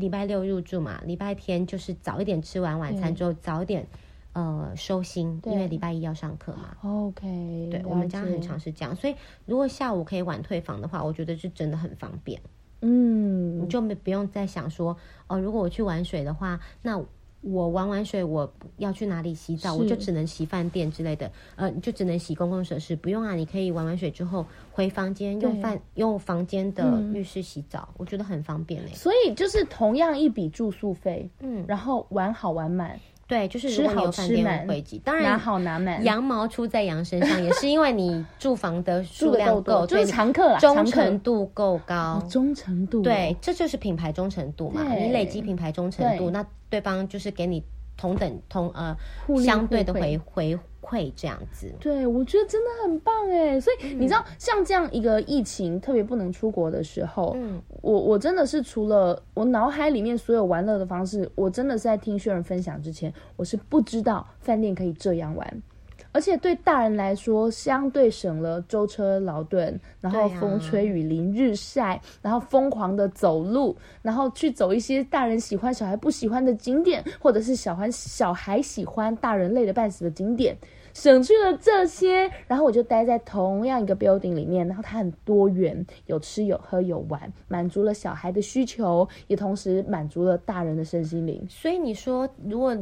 Speaker 1: 禮拜六入住嘛，禮拜天就是早一點吃完晚餐之後早一點。呃，收心，對因為禮拜一要上課嘛，啊。OK，對，解我們家很常是這樣，所以如果下午可以晚退房的話，我覺得是真的很方便。嗯，你就沒不用再想說，哦，呃，如果我去玩水的話，那我玩玩水，我要去哪裡洗澡？是我就只能洗飯店之類的，呃，你就只能洗公共設施。不用啊，你可以玩玩水之後回房間用飯對用房間的浴室洗澡，嗯，我覺得很方便，欸，所
Speaker 2: 以就是同樣一筆住宿費，嗯，然後玩
Speaker 1: 好玩滿。對，就是如果你有飯店會籍，吃吃當然拿拿羊毛出在羊身上。 也是因為你住房的數量夠，所以就是常客忠誠度夠高，忠誠、哦、度，對，這就是品牌忠誠度嘛。對你累積品牌忠誠度，對那對方就是給你同等同呃護護相對的回回。會這樣子，
Speaker 2: 對我覺得真的很棒哎！所以、嗯、你知道，像這樣一個疫情特別不能出國的時候，嗯，我我真的是除了我腦海裡面所有玩樂的方式，我真的是在聽 Sharon 分享之前，我是不知道飯店可以這樣玩，而且對大人來說，相對省了舟車勞頓，然後風吹雨淋日曬，然後瘋狂的走路，然後去走一些大人喜歡、小孩不喜歡的景點，或者是小孩小孩喜歡、大人累得半死的景點。省去了這些，然後我就待在同樣一個 building 裡面，然後它很多元，有吃有喝有玩，滿足了小孩的需求，也同時滿足了大人的身心靈。所以你說，
Speaker 1: 如果，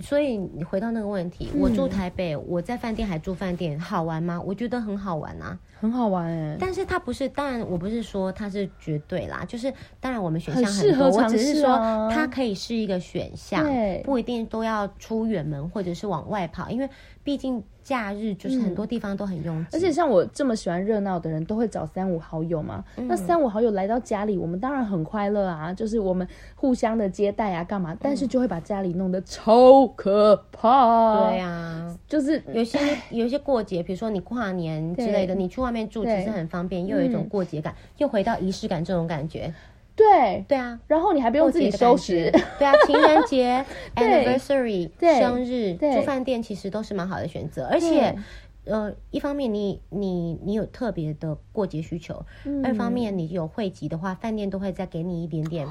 Speaker 1: 所以你回到那個問題，嗯、我住台北，我在飯店還住飯店，好玩嗎？我覺得很好玩啊，很好玩哎、欸。但是它不是，當然我不是說它是絕對啦，就是當然我們選項很多、很適合嘗試啊，我只是說它可以是一個選項，對不一定都要出遠門或者是往外跑，因為。畢竟假日就是很多地方都很擁擠，嗯，
Speaker 2: 而且像我這麼喜歡熱鬧的人，都會找三五好友嘛。嗯、那三五好友來到家裡，我們當然很快樂啊，就是我們互相的接待啊，幹嘛？嗯、但是就會把家裡
Speaker 1: 弄得超可怕。對呀、啊，就是有些有些過節，比如說你跨年之類的，對你去外面住其實很方便，對又有一種過節感，嗯、又回到儀式感這種感覺。
Speaker 2: 對對啊，然後你還不用自己收拾。
Speaker 1: 對啊，情人節、anniversary、生日住飯店其實都是蠻好的選擇，而且，呃，一方面你你你有特別的過節需求，二方面你有會籍的話，飯店都會再給你一點點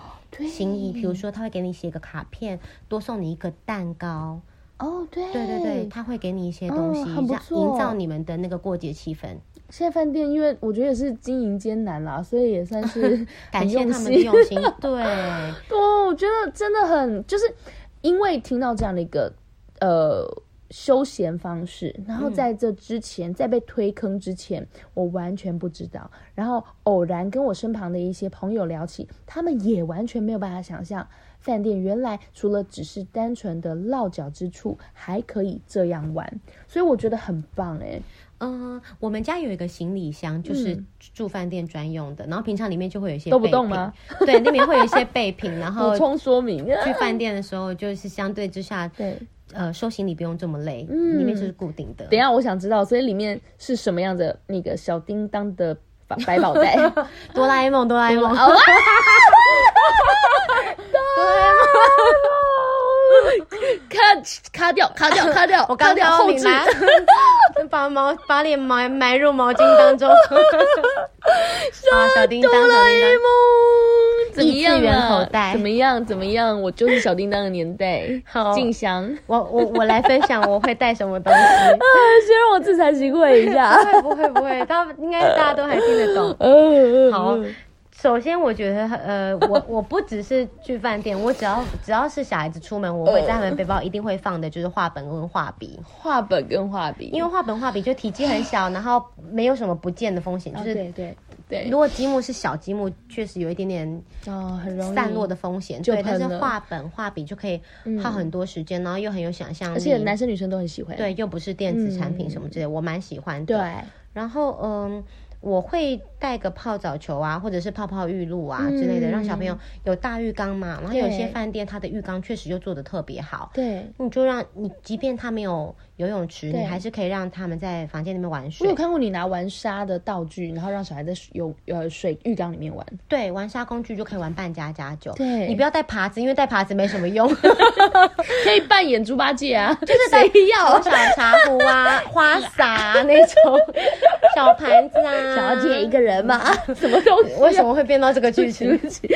Speaker 1: 心意，比如說他會給你寫個卡片，多送你一個蛋糕。哦，對對對對，他會給你一些東西，營造你們的那個過節氣氛。
Speaker 2: 現在飯店，因為我覺得也是經營艱難啦，所以也算是感謝他們的用心。
Speaker 1: 對，
Speaker 2: 我 我覺得真的很，就是因為聽到這樣的一個呃休閒方式，然後在這之前，嗯、在被推坑之前，我完全不知道。然後偶然跟我身旁的一些朋友聊起，他們也完全沒有辦法想象，飯店原來除了只是單純的落腳之處，還可以這樣玩。所以我覺得很棒哎、欸。
Speaker 1: 嗯、呃，我們家有一個行李箱，就是住飯店專用的。嗯、然後平常裡面就會有一些備品，都不動嗎？對，那邊會有一些備品。然後補充說明，去飯店的時候就是相對之下，對、嗯，呃，收行李不用這麼累，嗯、裡面就是固定的。等一下我想知道，所以裡
Speaker 2: 面是什麼樣的那個小叮噹的百寶袋 哆？哆啦 A 夢，
Speaker 1: 哆啦 A 夢， 哆啦 A 夢。卡卡掉，卡掉，卡掉！我剛掉，後置把毛把臉埋埋入毛巾當中。 小叮噹，叮叮怎麼樣一樣的，怎麼
Speaker 2: 樣？怎麼樣？我就是小叮噹的年代。
Speaker 1: 好，靜香，
Speaker 2: 我我我來
Speaker 1: 分享，我會帶什麼東
Speaker 2: 西？啊， 先讓我自慚形穢一下。 不會，
Speaker 1: 不會，不會，大應該大家都還聽得懂。嗯，嗯，好。首先，我覺得呃，我我不只是去飯店， 我只要只要是小孩子出門，我會在他們背包一定會放的，就是畫本跟畫筆。畫本跟畫筆，因為畫本畫筆就體積很小，然後沒有什麼不見的風險。 就是對對對。如果積木是小積木，確實有一點點哦，很容易散落的風險。對，但是畫本畫筆就可以耗很多時間，嗯、然後又很有想象力，而且男生女生都很喜歡。對，又不是電子產品什麼之類，嗯、我蠻喜歡的。對，然後嗯，我會帶個泡澡球啊，或者是泡泡浴露啊之類的，嗯、讓小朋友有大浴缸嘛。然後有些飯店它的浴缸確實就做得特別好。對，你就讓你即便他沒有游泳池，對你還是可以讓他們在房間裡面玩水。我有看過你拿玩沙的道具，然後讓小孩子有呃水浴缸裡面玩。對，玩沙工具就可以玩扮家家酒。對，你不要帶耙子，因為帶耙子沒什麼用。 可以扮演豬八戒啊，就是得要小，小茶壺啊、啊花灑、啊、那種小盤子啊，小姐一個人。人嘛，什麼東西？為什麼會變到這個劇情去？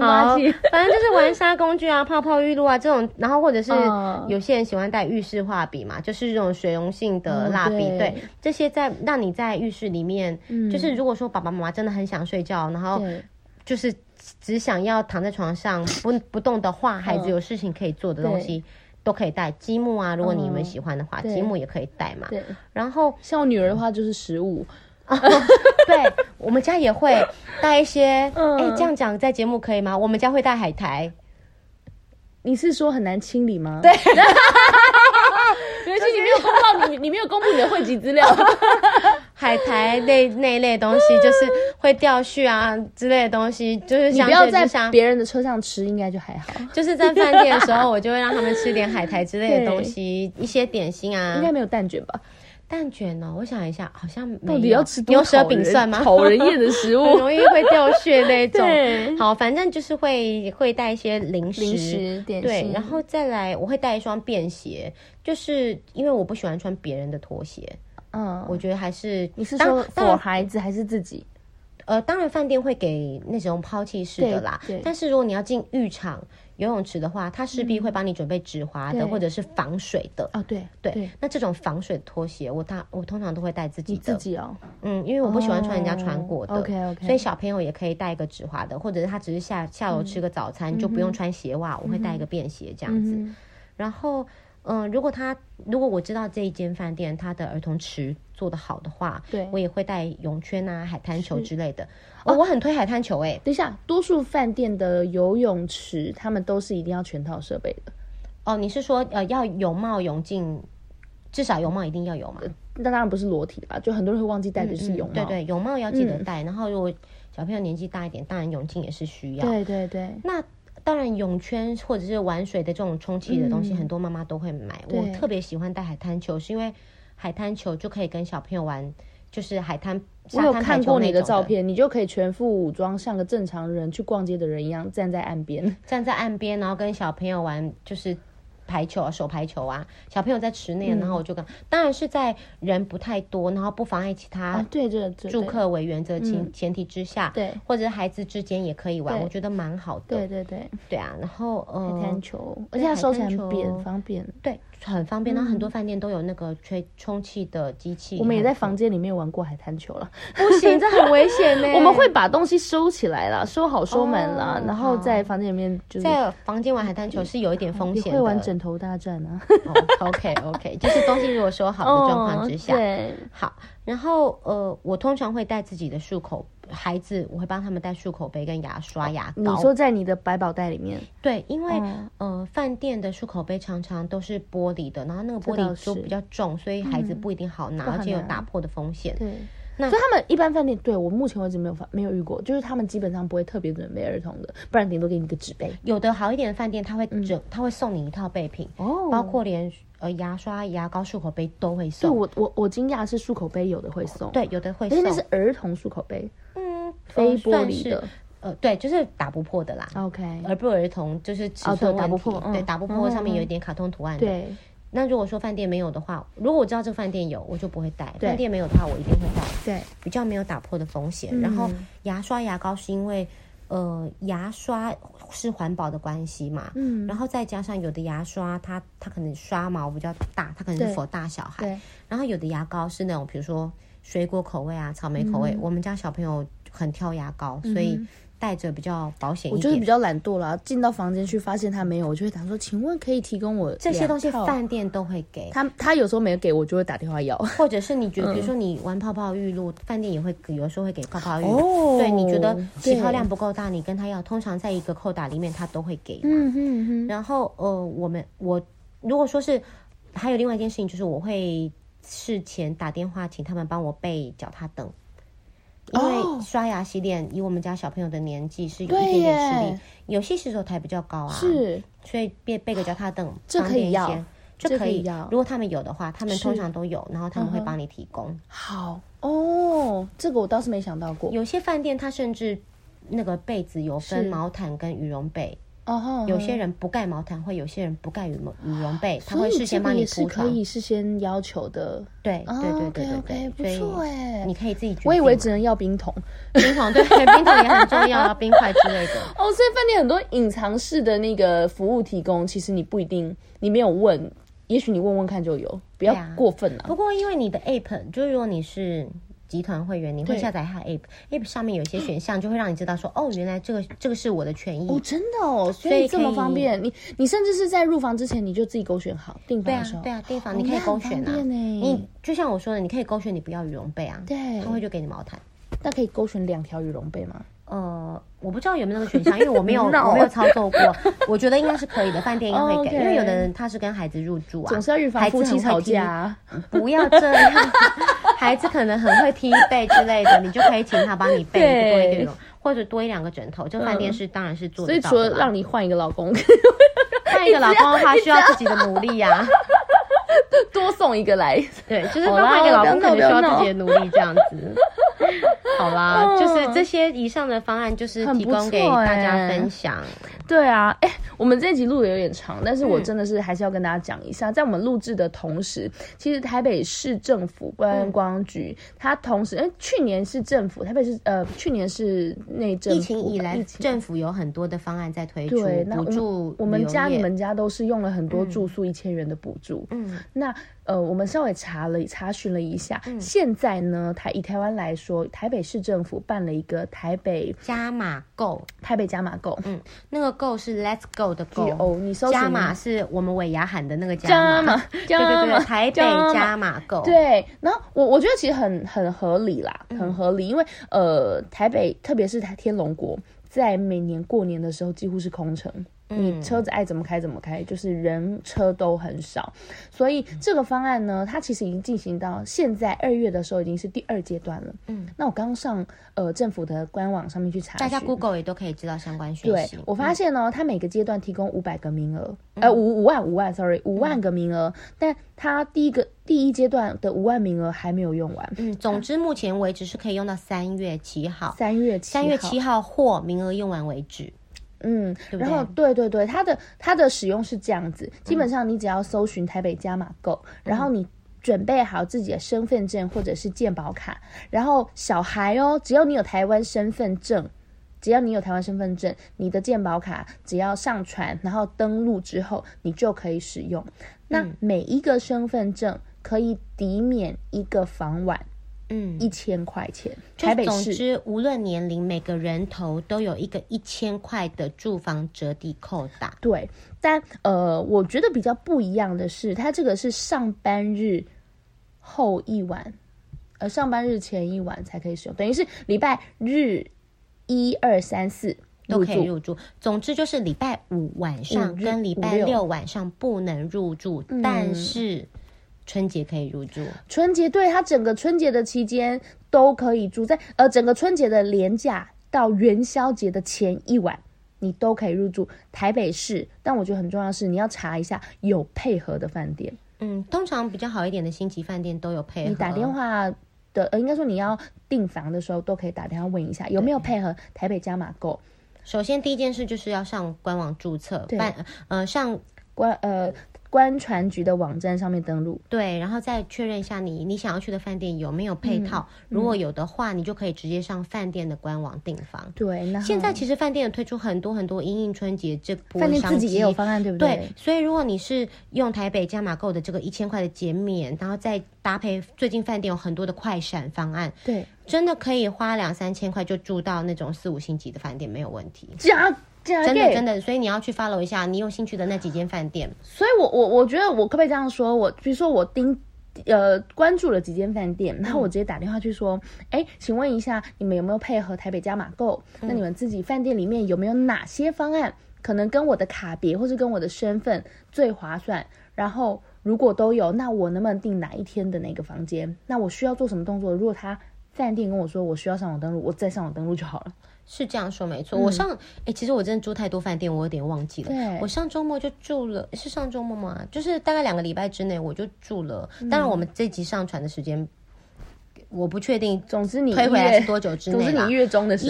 Speaker 1: 好，反正就是玩沙工具啊，泡泡浴露啊這種，然後或者是有些人喜歡帶浴室畫筆嘛，就是這種水溶性的蠟筆。對，這些在讓你在浴室裡面，就是如果說爸爸媽媽真的很想睡覺，然後就是只想要躺在床上不不動的話，孩子有事情可以做的東西都可以帶，積木啊，如果你們喜歡的話，積木也可以帶嘛。對。然後像我女兒的話，就是十五。啊， oh, 對， 我們家也會帶一些。哎、嗯欸，這樣講在節目可以嗎？我們家會帶海苔。 你是說很難清理嗎？對，而且你沒有公告，你你沒有公布你的匯集資料。 海苔那那一類東西就是會掉絮啊之類的東西，就是，像是像你不要在別
Speaker 2: 人的車上吃，應該就還好。
Speaker 1: 就是在飯店的時候，我就會讓他們吃點海苔之類的東西， 對一些點心啊，應該沒有蛋卷吧。蛋捲呢？我想一下，好像到底要吃牛舌餅算嗎？討人厭的食物，很容易會掉屑，那種。好，反正就是會會帶一些零食、零食、點心。對，然後再來，我會帶一雙便鞋，就是因為我不喜歡穿別人的拖鞋。嗯，我覺得還是你是說我孩子還是自己？呃，當然飯店會給那種拋棄式的啦。但是如果你要進浴場。游泳池的話，他勢必會幫你準備止滑的、嗯、或者是防水的對、哦、對。對對，那這種防水拖鞋，我大我通常都會帶自己的。你自己哦，嗯，因為我不喜歡穿人家穿過的。Oh, OK OK。所以小朋友也可以帶一個止滑的，或者是他只是下下樓吃個早餐、嗯、就不用穿鞋襪，嗯、哼我會帶一個便鞋這樣子，嗯嗯、然後。嗯，如果他如果我知道這一間飯店他的兒童池做得好的話，對我也會帶泳圈啊、海灘球之類的。是哦，哦我很推海灘球哎。
Speaker 2: 等一下，多數飯店的游泳池他們都是一定要全套設備的。哦，
Speaker 1: 你是說呃，要泳帽、泳鏡，至少泳帽一定要有嘛？
Speaker 2: 那當然不是裸
Speaker 1: 體的吧？就很多人會忘記帶的是泳帽。對對，對，泳帽要記得帶。嗯、然後如果小朋友年紀大一點，當然泳鏡也是需要。對對對。那當然，泳圈或者是玩水的這種充氣的東西，很多媽媽都會買。嗯、我特別喜歡帶海灘球，對是因為海灘球就可以跟小朋友玩，就是海灘。沙灘海球那種的，我有看過你的照
Speaker 2: 片，你就可以全副武裝，像個正
Speaker 1: 常人去逛街的人一樣站在岸邊，站在岸邊，然後跟小朋友玩，就是。排球啊，手排球啊，小朋友在池內，嗯、然後我就跟當然是在人不太多，然後不妨礙其他住客為原則前前提之下，哦、對，對對對，或者孩子之間也可以玩，嗯、我覺得蠻好的。對對對，對，對，對，對啊，然後呃，而且收起來很扁，方便。對。很方便，嗯、然後很多飯店都有那個吹充氣的機器。我們也在房間裡面玩過海灘球了，不行， 這很危險呢。我們會
Speaker 2: 把東西收起來了，
Speaker 1: 收好收門了，oh, 然後在房間裡面就是。在房間玩海灘球是有一點風險的。會玩枕頭大戰哦 OK OK，就是東西如果收好的狀況之下，oh, okay. 好。然後呃，我通常會帶自己的漱口孩子，我會幫他們帶漱口杯跟牙刷、牙膏、哦。你說在你的百寶袋裡面？對，因為、哦、呃，飯店的漱口杯常常都是玻璃的，然後那個玻璃都比較重，所以孩子不一定好拿，嗯、而且有打破的風險。對。
Speaker 2: 所以他們一般飯店對我目前為止沒有發沒有遇過，就是他們基本上不會特
Speaker 1: 別準備兒童的，不然頂多給你個紙杯。有的好一點的飯店他會整，他會送你一套備品，哦，包括連呃牙刷、牙膏、漱口杯都會送。我我我驚訝的是漱口杯有的會送，對，有的會送。但是那是兒童漱口杯，嗯，非玻璃的，呃，對，就是打不破的啦。OK，而不兒童就是尺寸打不破，對，打不破，上面有一點卡通圖案，對。那如果說飯店沒有的話，如果我知道這個飯店有，我就不會帶；對飯店沒有的話，我一定會帶。對，比較沒有打破的風險。對然後牙刷牙膏是因為，呃，牙刷是環保的關係嘛，嗯，然後再加上有的牙刷它它可能刷毛比較大，它可能是 for 大小孩。對對然後有的牙膏是那種比如說水果口味啊、草莓口味，嗯、我們家小朋友很挑牙膏，所以。嗯帶着比較保險，我就是比較懶惰啦。進到房間去，發現他沒有，我就會打，說：“請問可以提
Speaker 2: 供我這些東西？”飯
Speaker 1: 店都會給他，
Speaker 2: 他有時候沒有給我，就會打電話要。或者是你覺得，嗯、比如說
Speaker 1: 你玩泡泡浴露，飯店也會有時候會給泡泡浴露。哦。對，你覺得起泡量不夠大，對你跟他要。通常在一個扣打裡面，他都會給。嗯哼嗯嗯。然後呃，我們我如果說是還有另外一件事情，就是我會事前打電話請他們幫我備腳踏凳。因為刷牙洗臉，以我們家小朋友的年紀是有一點點實力，有些洗手台比較高啊，是，所以備備個腳踏凳，好這可以要，可以這可以要。如果他們有的話，他們通常都有，是然後他們會幫你提供。嗯、好哦，這個我倒是沒想到過。有些飯店它甚至那個被子有分毛毯跟羽絨被。
Speaker 2: 哦，oh, okay. 有些人
Speaker 1: 不蓋毛毯，或有些人不蓋羽羽絨被，以他會事先幫你鋪。你是可以
Speaker 2: 事先要求的，對對對對對對，所以你可以自己。我以為只能要冰桶， 冰桶對，冰桶也很重要啊， 要冰塊之類的。哦，oh, 所以飯店很多隱藏式的那個服務提供，其實你不一定，
Speaker 1: 你沒有問，也許你問問看就有，不要過分了、啊啊。不過因為你的 app，就如果你是。集團會員，你會下載一下 app，app 上面有些選項就會讓你知道說，哦，原來這個這個是我的權益哦，真的哦，所以這麼方便。
Speaker 2: 你你甚至是在入房之前你
Speaker 1: 就自己勾選好訂房的時候，對啊，訂房你可以勾選啊，你就像我說的，你可以勾選你不要羽絨被啊，對，他會就給你毛毯。那可以勾選兩條羽絨被嗎？呃，我不知道有沒有那個選項，因為我沒有我沒有操作過，我覺得應該是可以的，飯店應該會給，因為有的人他是跟孩子入住啊，總是要預防夫妻吵架，不要這樣。孩子可能很會踢被之類的，你就可以請他幫你備一點，對或者多一兩個枕頭。就飯店是當然是做得到的、嗯，所以除了讓你換一個老公，換 一個老公的話需要自己的努力呀，啊， 多送一個來。對，就是換一個啦我老公可能需要自己的努力，這樣子。好啦，嗯、就是這些以上的方案，就是提供給大家分享。
Speaker 2: 對啊，哎、欸，我們這集錄的有點長，但是我真的是還是要跟大家講一下，嗯、在我們錄制的同時，其實台北市政府觀光局，嗯、它同時哎、欸，去年是政府，台北市，呃，去年是內政府，疫情以來，情
Speaker 1: 政府有很多的方案在推出補助，我們家、你們家
Speaker 2: 都是用了很多住宿一千元的補助，嗯，那。呃，我們稍微查了查詢了一下，嗯、現在呢，台以台灣來說，台北市政府辦了一個台北加碼購，
Speaker 1: 台北加碼購，嗯，那個購是 Let's Go 的 Go，GO 你收加碼是我們尾牙喊的那個加碼，加碼對，對對對，碼台北加碼購，對，然後我我覺得其
Speaker 2: 實很很合理啦，很合理，嗯、因為呃，台北特別是台天龍國，在每年過年的時候幾乎是空城。嗯、你車子愛怎麼開怎麼開，就是人車都很少，所以這個方案呢，嗯、它其實已經進行到現在二月的時候已經是第二階段了。嗯，那我剛上呃政府的官網上面去查，大家 Google
Speaker 1: 也都可以知道相關訊息。對，我發
Speaker 2: 現呢、喔，嗯、它每個階段提供五百個名額，嗯、呃五五萬五萬，sorry，五萬個名額，嗯、但它第一個第一階段的五萬名額還沒有用完。嗯，
Speaker 1: 它總之目前為止是可以用到三月七號，三
Speaker 2: 月三月七號
Speaker 1: 或名額用完為止。
Speaker 2: 嗯，對對然後對對對，它的它的使用是這樣子，基本上你只要搜尋台北加碼購，然後你準備好自己的身份證或者是健保卡，然後小孩哦，只要你有台灣身份證，只要你有台灣身份證，你的健保卡只要上傳，然後登錄之後你就可以使用。那每一個身份證可以抵免一個房晚。嗯，一千塊錢。台北市，總之
Speaker 1: 無論年齡，每個人頭都有一個一千塊的住房折抵扣打。嗯、1, 扣打
Speaker 2: 對，但呃，我覺得比較不一樣的是，它這個是上班日後一晚，呃，上班日前一晚才可以使用，等於是禮拜日一二三四
Speaker 1: 都可以入住。總之就是禮拜五晚上跟禮拜六晚上不能入住，嗯、但是。春節可以入住，
Speaker 2: 春節對，它整個春節的期間都可以住在呃整個春節的連假到元宵節的前一晚，你都可以入住台北市。但我覺得很重要的是你要查一下有配合的飯店。
Speaker 1: 嗯，通常比較好一點的星級飯店都有配合。你打電
Speaker 2: 話的，呃，應該說你要訂房的時候都可以打電話問一下對有沒有配合台北加碼購。
Speaker 1: 首先第一件事就是要上官網註冊對辦，呃，上官呃。觀傳局的網站上面登錄，對，然後再確認一下你你想要去的飯店有沒有配套。嗯、如果有的話，嗯、你就可以直接上飯店的官網訂房。對，那現在其實飯店有推出很多很多因應春節這波商機，對，所以如果你是用台北加碼購的這個一千塊的減免，然後再搭配最近飯店有很多的快閃方案，對，真的可以花兩三千塊就住到那種四五星級的飯店沒有問題。加 Yeah, okay. 真的真的，所以你要去 follow 一下你有興趣的那幾間飯店。所以我，
Speaker 2: 我我我覺得我可不可以這樣說？我比如說我盯呃關注了幾間飯店，嗯、然後我直接打電話去說，哎、欸，請問一下你們有沒有配合台北加碼購？嗯、那你們自己飯店裡面有沒有哪些方案可能跟我的卡別或是跟我的身份最划算？然後如果都有，那我能不能訂哪一天的哪個房間？那我需要做什麼
Speaker 1: 動作？如果他飯店跟我說我需要上網登錄，我再上網登錄就好了。是這樣說沒錯，嗯、我上哎、欸，其實我真的住太多飯店，我有點忘記了。對我上周末就住了，是上周末嗎？就是大概兩個禮拜之內我就住了。嗯、當然，我們這集上傳的時間。我不確定，總之你推回來是多久之內啊？一月,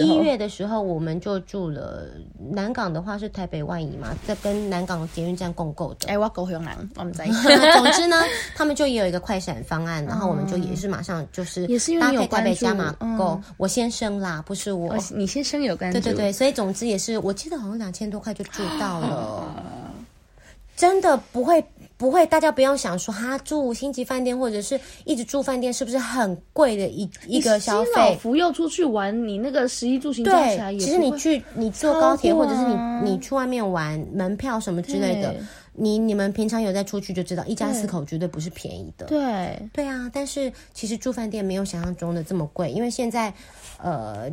Speaker 1: 一月的時候我們就住了南港的話是台北萬怡嘛，在跟南港的捷運站共構的。哎，我高雄男，我們在一起。 總之呢，他們就也有一個快閃方案，然後我們就也是馬上就是搭配也是因為有台北加碼購。我先生啦，不是我，哦、你先生有關係。對對對，所以總之也是，我記得好像兩千多塊就住到了，啊、真的不會。不會，大家不要想說他、啊、住五星級飯店或者是一直住飯店是不是很貴的一一個消費？你老福又出去玩，你那個食衣住行加起來也是其實你去你坐高鐵、啊、或者是你你去外面玩門票什麼之類的，對你你們平常有在出去就知道，一家四口絕對不是便宜的。對對啊，但是其實住飯店沒有想象中的這麼貴，因為現在，呃。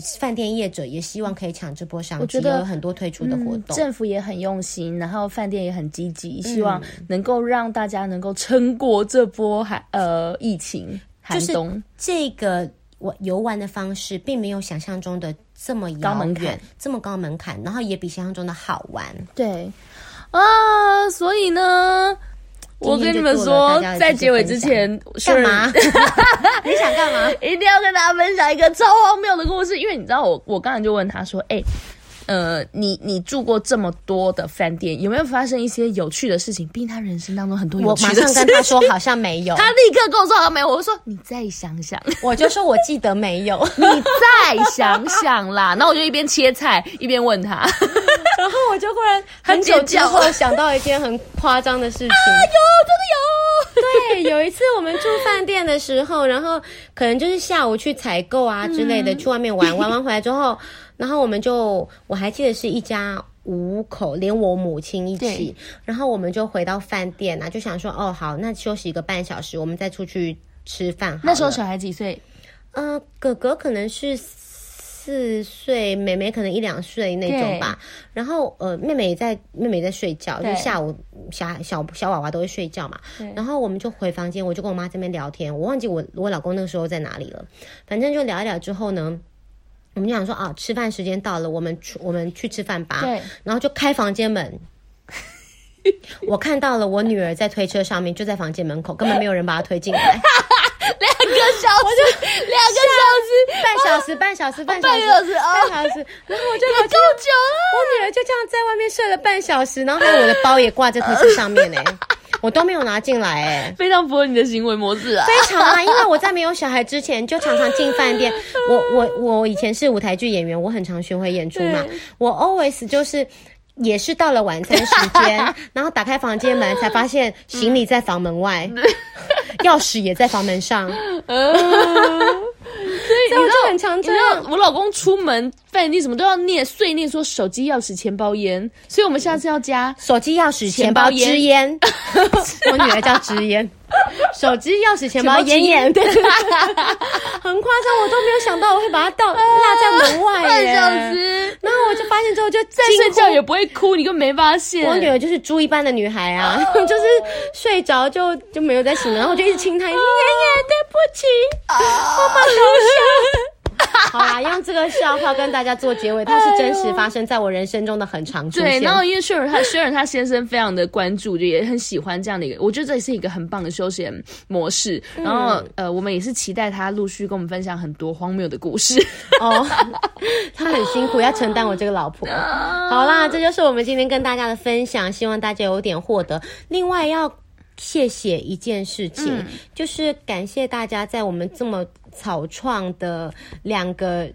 Speaker 1: 飯店業者也希望可以搶這波商機，我覺得有很多推出的活動、嗯。政府也很用心，然後飯店也很積極，希望能夠讓大家能夠撐過這波寒、嗯、呃疫情就是寒冬。這個遊玩的方式，並沒有想象中的這麼高門檻，這麼高門檻，然後也比想象中的好玩。對啊，所以呢。我跟你們說，在結尾
Speaker 2: 之前是幹嘛？ 你想幹嘛？ 一定要跟大家分享一個超荒謬的故事，因為你知道，我我剛才就問他說：“哎。”呃，你你住過這麼多的飯店，有沒有發生一些有趣的事情？畢竟他人生當中很多有趣的事情。我馬上跟他說好像沒有， 他立刻跟我說好像沒有，我就說你再想想，我就說我記得沒有， 你再想想啦。然後我就一邊切菜
Speaker 1: 一邊問他， 然後我就忽然很久之後想到一件很誇張的事情，啊、有，真的有。 對，有一次我們住飯店的時候，然後可能就是下午去採購啊之類的，嗯、去外面玩，玩完回來之後。然後我們就，我還記得是一家五口，連我母親一起。對然後我們就回到飯店啊，就想說，哦，好，那休息一個半小時，我們再出去吃飯。那時候小孩幾歲？呃，哥哥可能是四歲，妹妹可能一兩歲那種吧。對然後呃，妹妹也在，妹妹也在睡覺，對就下午小小小娃娃都會睡覺嘛。對然後我們就回房間，我就跟我媽這邊聊天。我忘記我我老公那個時候在哪裡了，反正就聊一聊之後呢。我們就想說啊，吃飯時間到了，我們去我們去吃飯吧。對，然後就開房間門， 我看到了我女兒在推車上面，就在房間門口，根本沒有人把她推進來。 兩個小時， 我就兩個小時，半小時，半小時，啊、半小時，半小時，半小時。哦、小時我夠久了，啊。我女兒就這樣在外面睡了半小時，然後還有我的包也掛在拖車上面呢，欸， 我都沒有拿進來，欸，誒非常符合你的行為模式啊，非常啊，因為我在沒有小孩之前就常常進飯店，我我我以前是舞台劇演員，我很常巡迴演出嘛，對我 always 就是。也是到了晚餐時間， 然後打開房間門， 才發現行李在房門外，鑰、嗯、 匙也在房門上。
Speaker 2: 所以我就很你知道， 知道我老公出門。費，你怎麼都要念碎念，說手機、鑰匙、錢包、菸，所以我們下次要加手機、鑰匙、錢包、菸。直煙，
Speaker 1: 我女兒叫直煙。手機、鑰匙、錢包、菸菸，對對對，很誇張，我都沒有想到我會把它倒落在門外耶。半小時，然後我就發現之後，就再睡覺也不會哭，你就沒發現。我女兒就是豬一般的女孩啊，就是睡着就就沒有再醒了，我就一直輕拍。煙煙，對不起，我把東西。 好啦，用這個笑話跟大家做結尾，它是真實發生在我人生中的很長、哎。對，然後因為 Sharon 他 Sharon
Speaker 2: 他先生非常的關注，就也很喜歡這樣的一個，我覺得這也是一個很棒的休閒模式。然後，嗯、呃，我們也是期待他
Speaker 1: 陸續跟我們分享很多荒謬的故事。哦，他很辛苦要承擔我這個老婆。好啦，這就是我們今天跟大家的分享，希望大家有點獲得。另外要。謝謝一件事情，嗯、就是感謝大家在我們這麼草創的兩個。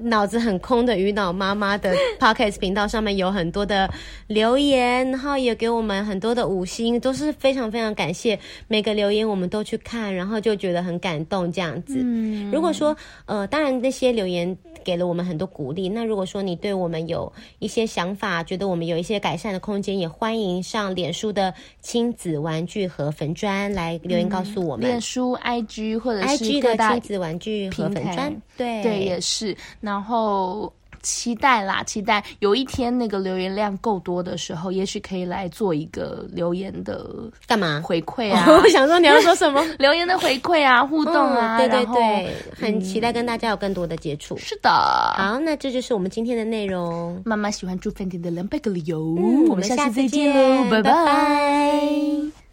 Speaker 1: 腦子很空的魚腦媽媽的 podcast 頻道上面有很多的留言， 然後也給我們很多的五星，都是非常非常感謝每個留言，我們都去看，然後就覺得很感動這樣子。嗯、如果說呃，當然那些留言給了我們很多鼓勵，那如果說你對我們有一些想法，覺得我們有一些改善的空間，也歡迎上臉書的親子玩具盒粉專來留言告訴我們。嗯、臉
Speaker 2: 書 IG 或者是 IG 的親子
Speaker 1: 玩具盒粉專，
Speaker 2: 對對也是。然後期待啦，期待有一天那個留言量夠多的時候，也許可以來做一個留言的
Speaker 1: 幹嘛回饋啊？嘛 我想說你要說什麼？ 留言的回饋啊，互動啊，嗯、啊對對對，後嗯、很期待跟大家有更多的接觸。是的，好，那這就是我們今天的
Speaker 2: 內容。媽媽喜歡住飯店的人，哦，百個理由。我們下次再見嘍拜，拜拜。